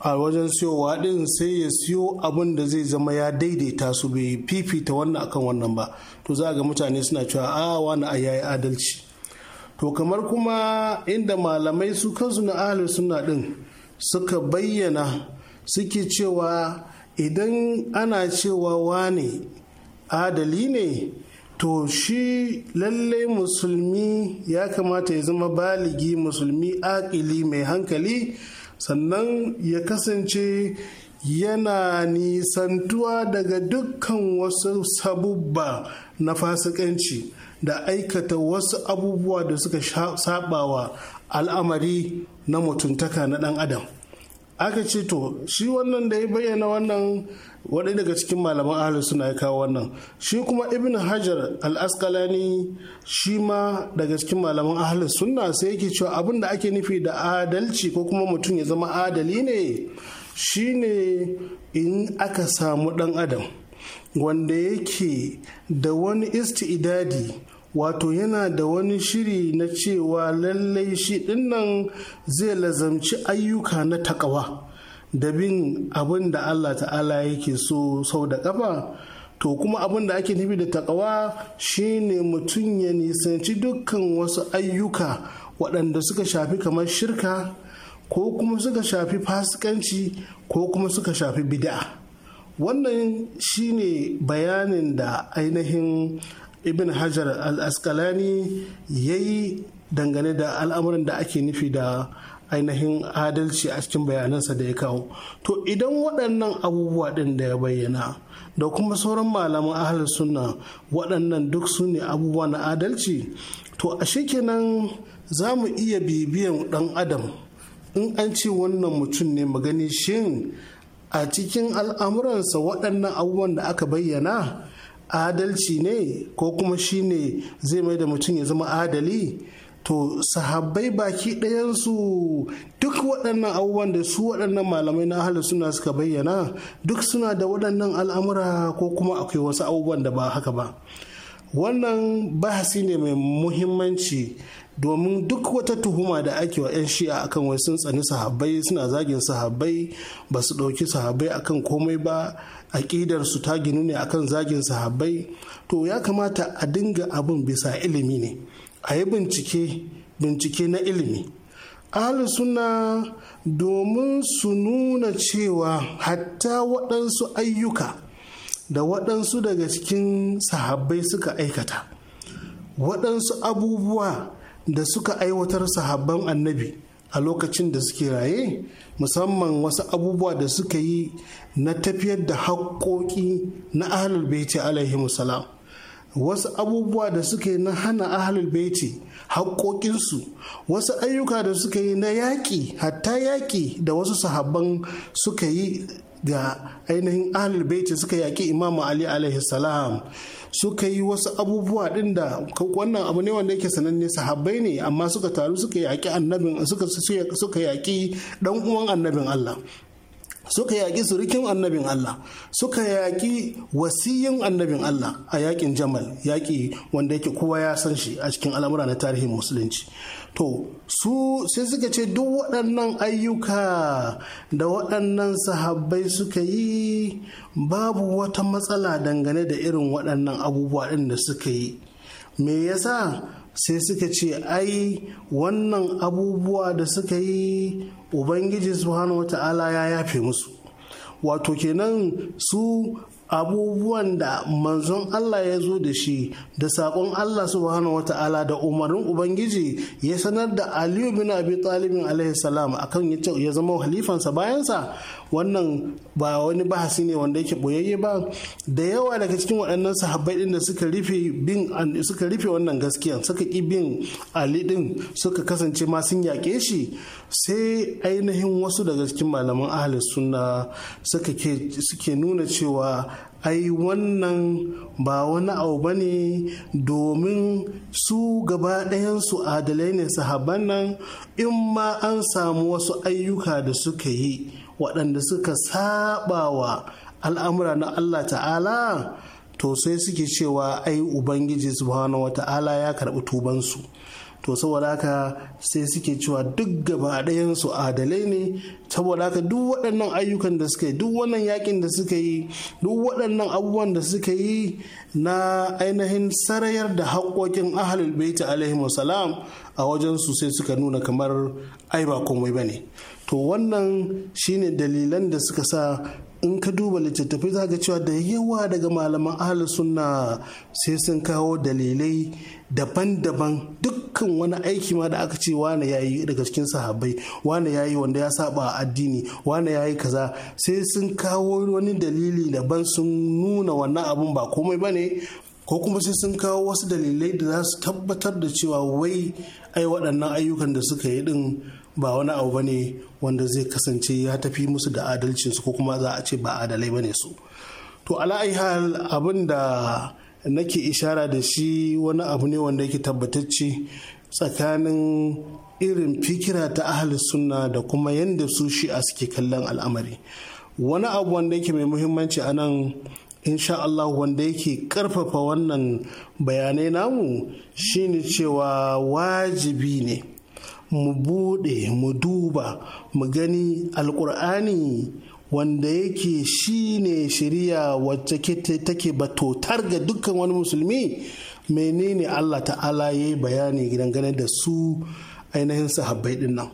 a wajen siyowa din sai ya siyo abin da zai zama ya daidaita su bai fifita wannan akan wannan ba to za ga mutane suna cewa a wani a yayi adalci to kamar kuma inda malamai su kansu na ahalar suna din suka bayyana suke cewa idan ana cewa wane adali ne to shi lalle musulmi ya kamata ya zama baligi musulmi akili mai hankali sannan ya kasance yana nisantuwa daga dukkan wasu sabubba na fasikanci da aikata wasu abubuwa da suka sabawa al'amari na mutuntaka na dan adam aka ce to shi wannan da ya bayyana wannan wani daga cikin malaman ahalin suna ya kawo wannan shi kuma ibn hajar al askalani shi ma daga cikin malaman ahalin suna sai yake cewa abin da ake nufi da adalci ko kuma mutum ya zama adali ne shine in aka samu ɗan adam wanda yake da wani isti'idadi wato yana da wani shiri na cewa lallai shi dinnan zai lazamci ayyuka na takawa da bin abin da Allah ta'ala yake so sau da kafa to kuma abin da ake nufi da takawa shine mutum ya nisanci dukkan wasu ayyuka waɗanda suka shafi kamar shirka ko kuma suka shafi fasikanci ko kuma suka shafi bid'a wannan shine bayanin da ainihin ibn hajar al-askalani ya yi dangane da al'amuran da ake nufi da ainihin adalci a cikin bayanansa da ya kawo to idan waɗannan abubuwa ɗin da ya bayyana da kuma sauran malaman ahal sunna waɗannan duk su ne abubuwa na adalci to a kenan za mu iya bibiyan ɗan adam in an ce wannan mutum ne magani shin a cikin al'amuransa waɗannan abubuwan da aka bayyana adalci ne ko kuma shi ne zai mai da mutum ya zama adali to sahabbai baki ɗayansu duk waɗannan abubuwan da su waɗannan malamai na ahalar suna suka bayyana duk suna da waɗannan al'amura ko kuma akwai wasu abubuwan da ba haka ba wannan bahasi ne mai muhimmanci domin duk wata tuhuma da ake wa 'yan shi'a akan wai sun tsani sahabbai suna zagin sahabbai ba su ɗauki sahabbai akan komai ba aƙidar su ta ginu ne akan zagin sahabbai to ya kamata a dinga abin bisa ilimi ne a yi bincike bincike na ilimi ahli suna domin su nuna cewa hatta waɗansu ayyuka da waɗansu daga cikin sahabbai suka aikata waɗansu abubuwa da suka aiwatar sahabban annabi a lokacin da suke raye musamman wasu abubuwa da suka yi na tafiyar da haƙoƙi na ahlul baiti alaihi salam wasu abubuwa da suka yi na hana ahlul baiti haƙoƙinsu wasu ayyuka da suka yi na yaƙi hatta yaƙi da wasu sahabban suka yi da ainihin ahlul baiti suka yaƙi imamu ali alaihi salam suka yi wasu abubuwa din da wannan abu ne wanda yake sananne sahabbai ne amma suka taru suka yaƙi annabin suka suka yaƙi dan uwan annabin Allah suka yaƙi surukin annabin Allah suka yaƙi wasiyin annabin Allah a yaƙin Jamal yaƙi wanda yake kowa ya san shi a cikin al'amura na tarihin musulunci to su sai suka ce duk waɗannan ayyuka da waɗannan sahabbai suka yi babu wata matsala dangane da irin waɗannan abubuwa ɗin da suka yi me yasa sai suka ce ai wannan abubuwa da suka yi ubangiji subhanahu wata'ala ya yafe musu wato kenan su abubuwan da manzon Allah ya zo da shi da saƙon Allah subhanahu ta'ala) da umarnin Ubangiji ya sanar da Aliyu bin Abi Talibin alaihi salam akan ya zama halifansa bayansa wannan ba wani bahasi ne wanda yake boyayye ba da yawa daga cikin waɗannan sahabbai ɗin da suka rufe wannan gaskiya suka ki bin ali ɗin suka kasance ma sun yaƙe shi sai ainihin wasu daga cikin malaman ahalis suna suke nuna cewa ai wannan ba wani abu ba ne domin su gaba ɗayansu adalai ne sahaban nan in ma an samu wasu ayyuka da suka yi waɗanda suka saba wa al'amura na Allah ta'ala to sai suke cewa ai ubangiji subhanahu wata'ala ya karɓi tubansu to saboda haka sai suke cewa duk gaba ɗayansu adalai ne saboda haka duk waɗannan ayyukan da suka yi duk wannan yakin da suka yi duk waɗannan abubuwan da suka yi na ainihin sarayar da haƙƙoƙin ahlul baiti alaihi salam a wajen su sai suka nuna kamar ai ba komai ba ne to wannan shine dalilan da suka sa in ka duba littattafai za ga cewa da yawa daga malaman ahli sunna sai sun kawo dalilai daban-daban dukkan wani aiki ma da aka ce wane ya yi daga cikin sahabbai wane ya yi wanda ya saba a addini wane ya yi kaza sai sun kawo wani dalili daban sun nuna wannan abun ba komai ba ne ko kuma sai sun kawo wasu dalilai da za su tabbatar da cewa wai ai waɗannan ayyukan da suka yi ɗin ba wani abu bane wanda zai kasance ya tafi musu da adalcinsu ko kuma za a ce ba adalai bane su to ala'ihal abin da nake ishara da shi wani abu ne wanda yake tabbatacce tsakanin irin fikira ta ahli sunna da kuma yadda su shi'a suke kallon al'amari wani abu wanda yake mai muhimmanci a nan insha Allah wanda yake karfafa wannan bayanai namu shine cewa wajibi ne mu bude mu duba mu gani alkur'ani wanda yake shi ne shirya wacce take batotar ga dukkan wani musulmi menene Allah ta'ala ya yi bayani dangane da su ainihin sahabbai dinnan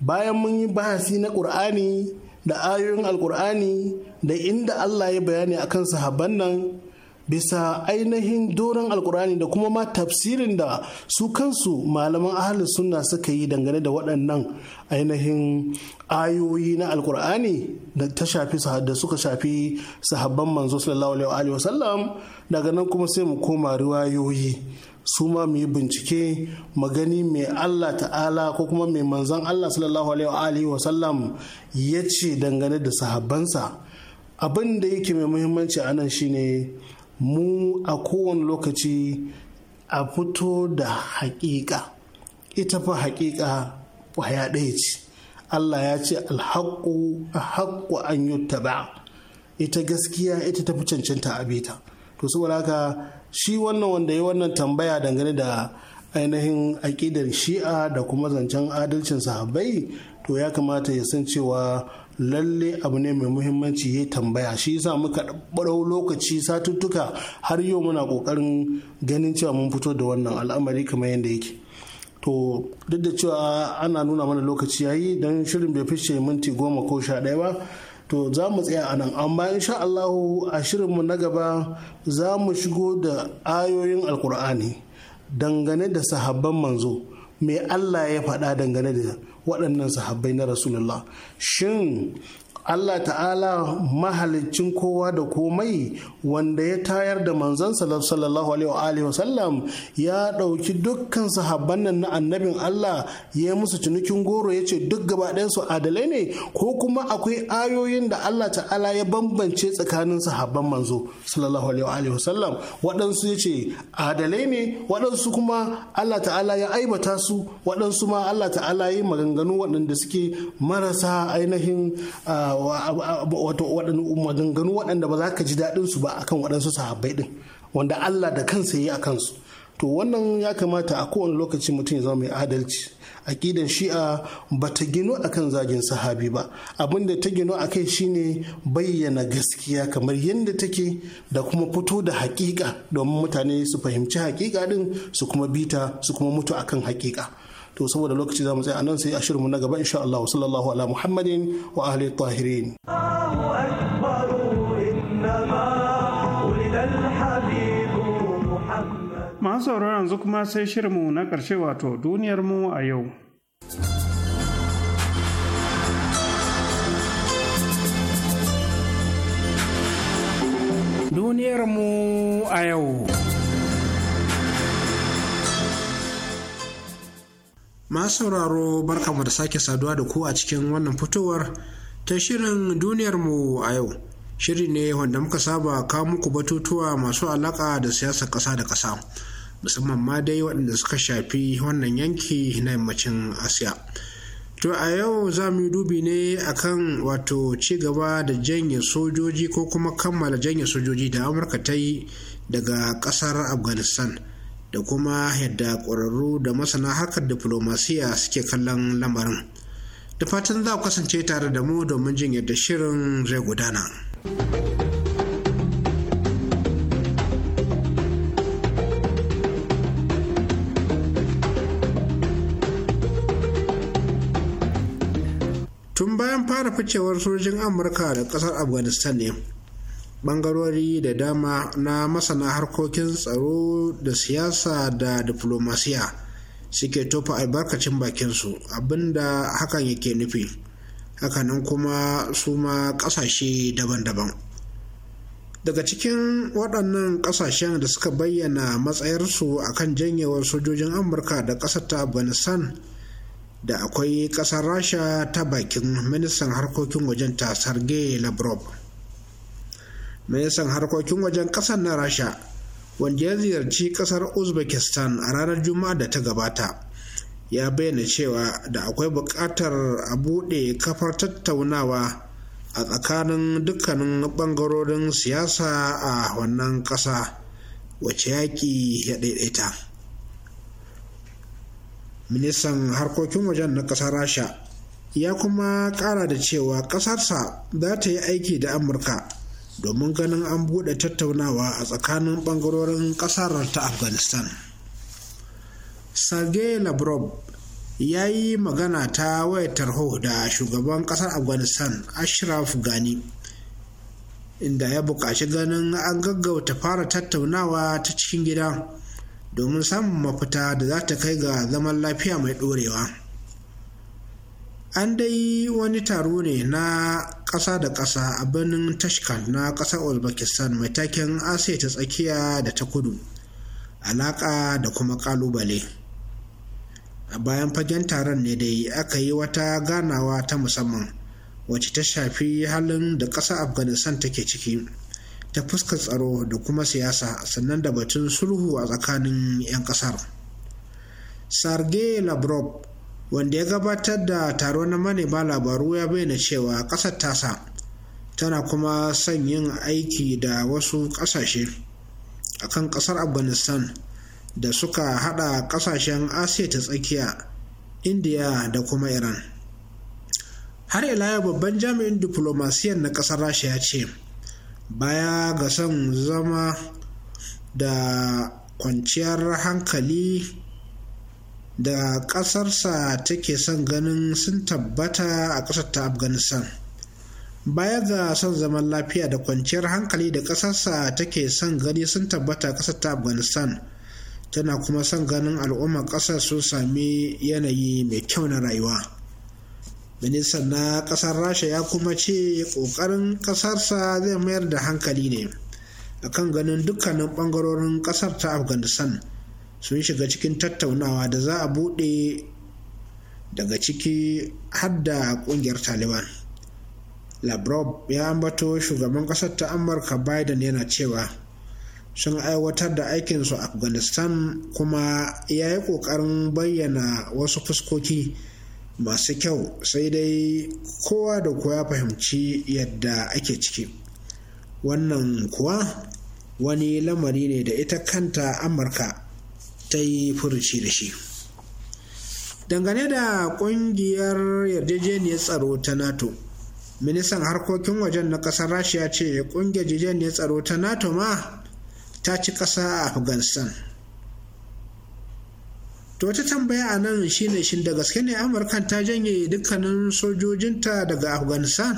bayan mun yi bahasi na ƙur'ani da ayoyin alkur'ani da inda Allah ya bayani a akan sahabban nan bisa ainihin doron alkur'ani da kuma ma tafsirin da su kansu malaman ahalin sunna suka yi dangane da waɗannan ainihin ayoyi na alkur'ani da suka shafi sahabban manzo sallallahu alaihi wa sallam daga nan kuma sai mu koma riwayoyi su ma mu yi bincike magani mai Allah ta'ala ko kuma mai manzan Allah sallallahu alaihi wa sallam ya ce dangane da sahabbansa abin da yake mai muhimmanci a nan shine mu a kowane lokaci a fito da haƙiƙa ita fa haƙiƙa ya ɗaya ce Allah ya ce alhaƙu haƙƙu an ba. ita gaskiya ita ta fi cancanta a bita to saboda haka shi wannan wanda ya wannan tambaya dangane da ainihin aƙidar shi'a da kuma zancen adalcin sahabbai to ya kamata ya san cewa lalle abu ne mai muhimmanci ya tambaya shi yasa muka ɓarau lokaci satuttuka har yau muna ƙoƙarin ganin cewa mun fito da wannan al'amari kamar yadda yake to duk da cewa ana nuna mana lokaci ya yi don shirin bai fice minti goma ko sha ɗaya ba to za mu tsaya a nan amma insha Allahu a shirinmu na gaba za mu shigo da ayoyin alkur'ani dangane da sahabban manzo mai Allah ya faɗa dangane da waɗannan sahabbai na rasulullah shin Allah ta'ala mahalicin kowa da komai wanda ya tayar da manzon sallallahu alaihi sallam ya ɗauki dukkan sahabban nan na annabin Allah ya musu cinikin goro ya ce duk gaba su adalai ne ko kuma akwai ayoyin da Allah ta'ala ya bambance tsakanin sahabban manzo sallallahu alaihi sallam waɗansu ya ce adalai ne waɗansu kuma Allah ta'ala ya aibata su waɗansu ma Allah ta'ala ya yi maganganu waɗanda suke marasa ainihin ah, wato maganganu waɗanda ba za ka ji daɗin su ba akan waɗansu sahabbai ɗin wanda Allah da kansa yi a kansu to wannan ya kamata a kowane lokaci mutum ya zama mai adalci aƙidar shi'a ba ta gino akan zagin sahabi ba abin da ta gino a kai shine bayyana gaskiya kamar yadda take da kuma fito da haƙiƙa domin mutane su fahimci haƙiƙa din su kuma bita su kuma mutu akan haƙiƙa to saboda lokaci za mu tsaya nan sai a shirinmu na gaba insha Allah sallallahu ala muhammadin wa ahli tahirin masu yanzu kuma sai shirinmu na karshe wato duniyarmu a yau duniyarmu a yau Masu sauraro barkamu da sake saduwa da ku a cikin wannan fitowar ta shirin duniyar mu a yau. Shiri ne wanda muka saba kawo muku batutuwa masu alaƙa da siyasar ƙasa da ƙasa, musamman ma dai waɗanda suka shafi wannan yanki na yammacin Asiya. To a yau za mu yi dubi ne akan wato ci gaba da janye sojoji ko kuma kammala janye sojoji da Amurka ta yi daga ƙasar Afghanistan. da kuma yadda ƙwararru da masana harkar diflomasiya suke kallon lamarin da fatan za ku kasance tare da mu domin jin yadda shirin zai gudana. tun bayan fara ficewar sojin amurka da ƙasar afghanistan ne bangarori da dama na masana harkokin tsaro da siyasa da diplomasiya suke tofa albarkacin bakinsu abinda hakan yake nufi hakanan kuma su ma kasashe daban-daban daga cikin waɗannan ƙasashen da suka bayyana matsayarsu a kan janyewar sojojin amurka da ƙasar ta afghanistan da akwai ƙasar rasha ta bakin ministan harkokin wajen ta sergei lavrov ministan harkokin wajen ƙasa na rasha wanda ya ziyarci ƙasar uzbekistan a ranar juma'a da ta gabata ya bayyana cewa da akwai buƙatar a buɗe kafar tattaunawa a tsakanin dukkanin ɓangarorin siyasa a wannan ƙasa wacce yaƙi ya ɗaiɗaita ministan harkokin wajen na ƙasar rasha ya kuma ƙara da cewa ƙasarsa za ta yi aiki da amurka domin ganin an buɗe tattaunawa a tsakanin bangarorin ƙasar ta afghanistan sergei lavrov ya yi magana ta wayar tarho da shugaban ƙasar afghanistan ashraf ghani inda ya buƙaci ganin an gaggauta fara tattaunawa ta cikin gida domin samun mafita da za ta kai ga zaman lafiya mai ɗorewa. an dai wani taro ne na ƙasa da ƙasa a birnin tashkent na ƙasar uzbekistan mai taken asiya ta tsakiya da ta kudu alaƙa da kuma ƙalubale a bayan fagen taron ne dai aka yi wata ganawa ta musamman wacce ta shafi halin da ƙasar afghanistan take ciki ta fuskar tsaro da kuma siyasa sannan da batun sulhu a tsakanin 'yan ƙasar sergei lavrov wanda ya gabatar da taro na manema labaru ya bayyana cewa ƙasar tasa tana kuma son yin aiki da wasu ƙasashe a kan ƙasar afghanistan da suka haɗa ƙasashen asiya ta tsakiya indiya da kuma iran har ila yau babban jami'in diflomasiyan na ƙasar rasha ya ce baya ga son zama da kwanciyar hankali da ƙasarsa take son ganin sun tabbata a ƙasar ta afghanistan baya ga son zaman lafiya da kwanciyar hankali da ƙasarsa take son gani sun tabbata a ƙasar ta afghanistan tana kuma son ganin al'ummar ƙasar sun sami yanayi mai kyau na rayuwa ministan na ƙasar rasha ya kuma ce ƙoƙarin ƙasarsa zai mayar da hankali ne akan ganin dukkanin ɓangarorin ƙasar ta afghanistan sun shiga cikin tattaunawa da za a buɗe daga ciki hadda kungiyar taliban labrob ya ambato shugaban ƙasar ta amurka biden yana cewa sun aiwatar da aikinsu afghanistan kuma ya yi ƙoƙarin bayyana wasu fuskoki masu kyau sai dai kowa da kowa fahimci yadda ake ciki wannan kuwa wani lamari ne da ita kanta amurka ta yi furuci da shi dangane da kungiyar yarjejeniyar tsaro ta nato ministan harkokin wajen na kasar Rashiya ce kungiyar yarjejeniyar tsaro ta nato ma ta ci kasa a afghanistan to wata tambaya a nan shine shin da gaske ne amurkan ta janye dukkanin sojojinta daga afghanistan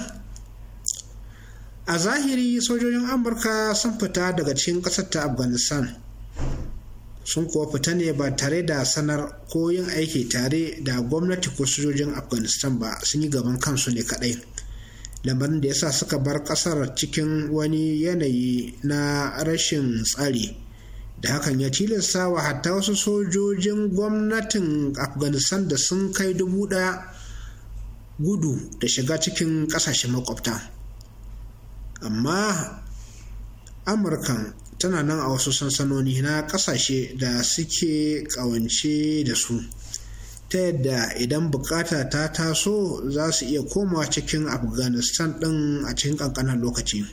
a zahiri sojojin amurka sun fita daga cikin ƙasar ta afghanistan sun kuwa fita ne ba tare da sanar ko yin aiki tare da gwamnati ko sojojin afghanistan ba sun yi gaban kansu ne kadai lamarin da ya sa suka bar kasar cikin wani yanayi na rashin tsari da hakan ya tilasta wa hatta wasu sojojin gwamnatin afghanistan da sun kai dubu daya gudu da shiga cikin kasashen makwabta amma amurkan tana nan a wasu sansanoni na ƙasashe da suke ƙawance da su ta yadda idan bukata ta taso za su iya komawa cikin afghanistan ɗin a cikin ƙanƙanin lokaci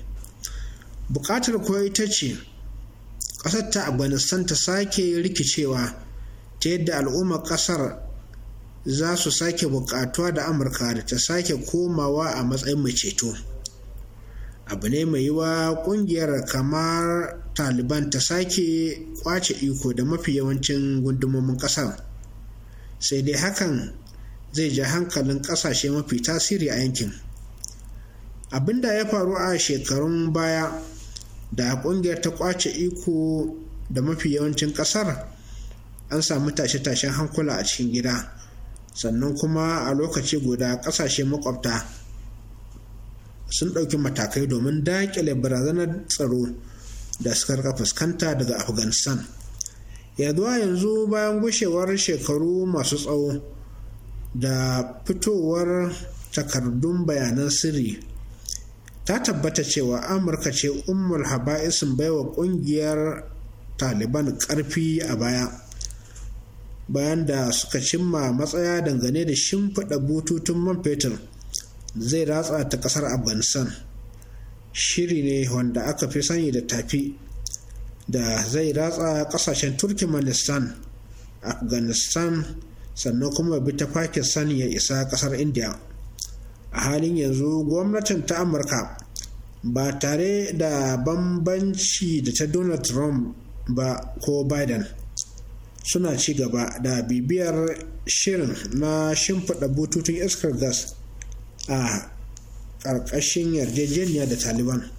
bukatar koyi ita ce ƙasar ta afghanistan ta sake rikicewa ta yadda al'ummar ƙasar za su sake bukatuwa da amurka da ta sake komawa a matsayin mai ceto. abu ne mai yiwa kungiyar kamar taliban ta sake kwace iko da mafi yawancin gundumomin kasar sai dai hakan zai ja hankalin kasashe mafi tasiri a yankin abinda ya faru a shekarun baya da kungiyar ta kwace iko da mafi yawancin kasar an samu tashe-tashen hankula a cikin gida sannan kuma a lokaci guda kasashe makwabta sun ɗauki matakai domin daƙile barazanar tsaro da suka rika fuskanta daga afghanistan yaduwa yanzu bayan gushewar shekaru masu tsawo da fitowar takardun bayanan sirri ta tabbata cewa amurka ce ummul haba'isin baiwa ƙungiyar taliban ƙarfi a baya bayan da suka cimma matsaya dangane da shimfiɗa bututun man fetur zai ratsa ta kasar afghanistan shiri ne wanda aka fi sani da tafi da zai ratsa kasashen turkmenistan afghanistan sannan kuma bi ta pakistan ya isa kasar india a halin yanzu gwamnatin ta amurka ba tare da bambanci da ta donald trump ba ko biden suna ci gaba da bibiyar shirin na shimfiɗa bututun iskar gas a ƙarƙashin yarjejeniya da taliban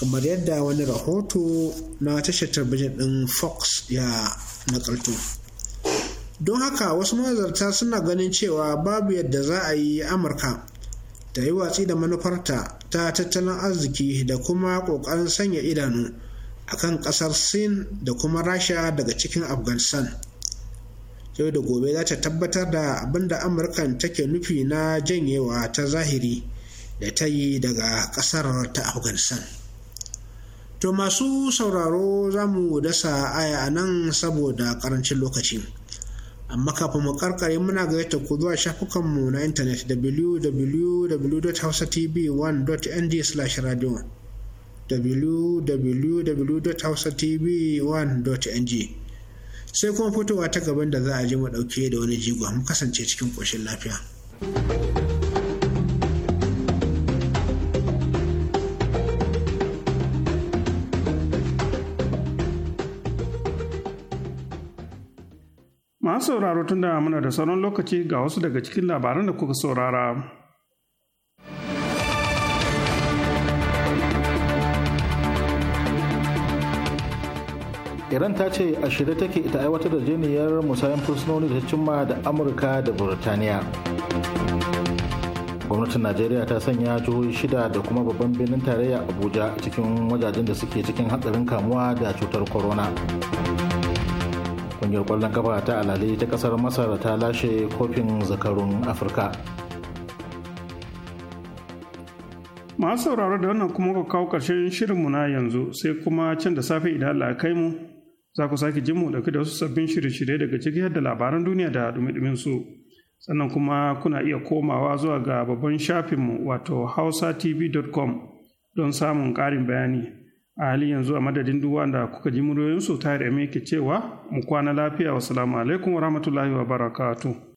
kamar yadda wani rahoto na tashar talbijin ɗin fox ya nakalto don haka wasu mazarta suna ganin cewa babu yadda za a yi amurka ta yi watsi da manufarta ta tattalin arziki da kuma ƙoƙarin sanya idanu a kan ƙasar sin da kuma rasha daga cikin afghanistan yau da gobe za ta tabbatar da abin da amurkan take nufi na janyewa ta zahiri da ta yi daga kasar ta afghanistan to masu sauraro za mu dasa aya a nan saboda karancin lokaci amma kafin mu karkare muna gayyata ku zuwa shafukanmu na intanet www.hausatv1.ng/radio www.hausatv1.ng sai kuma fitowa ta gaban da za a je mu ɗauke da wani jigo mu kasance cikin ƙoshin lafiya. Masu sauraro tunda muna da sauran lokaci ga wasu daga cikin labaran da kuka saurara. iran ta ce a shirye take ita aiwatar da jeniyar musayan fursunoni da ta cimma da amurka da burtaniya gwamnatin najeriya ta sanya jihohi shida da kuma babban birnin tarayya abuja cikin wajajen da suke cikin hatsarin kamuwa da cutar corona Ƙungiyar kwallon kafa ta alale ta kasar masar ta lashe kofin zakarun afirka masu sauraro da wannan kuma ka kawo ƙarshen shirinmu na yanzu sai kuma can da safe idan Allah kai mu za ku sake jin mu dauke da wasu sabbin shirye-shirye daga ciki da labaran duniya da dumi su sannan kuma kuna iya komawa zuwa ga babban shafinmu wato hausatv.com don samun ƙarin bayani a halin yanzu a madadin duk wanda kuka ji muryoyinsu ta da ke cewa mu kwana lafiya wasu alaikum wa rahmatullahi wa barakatuh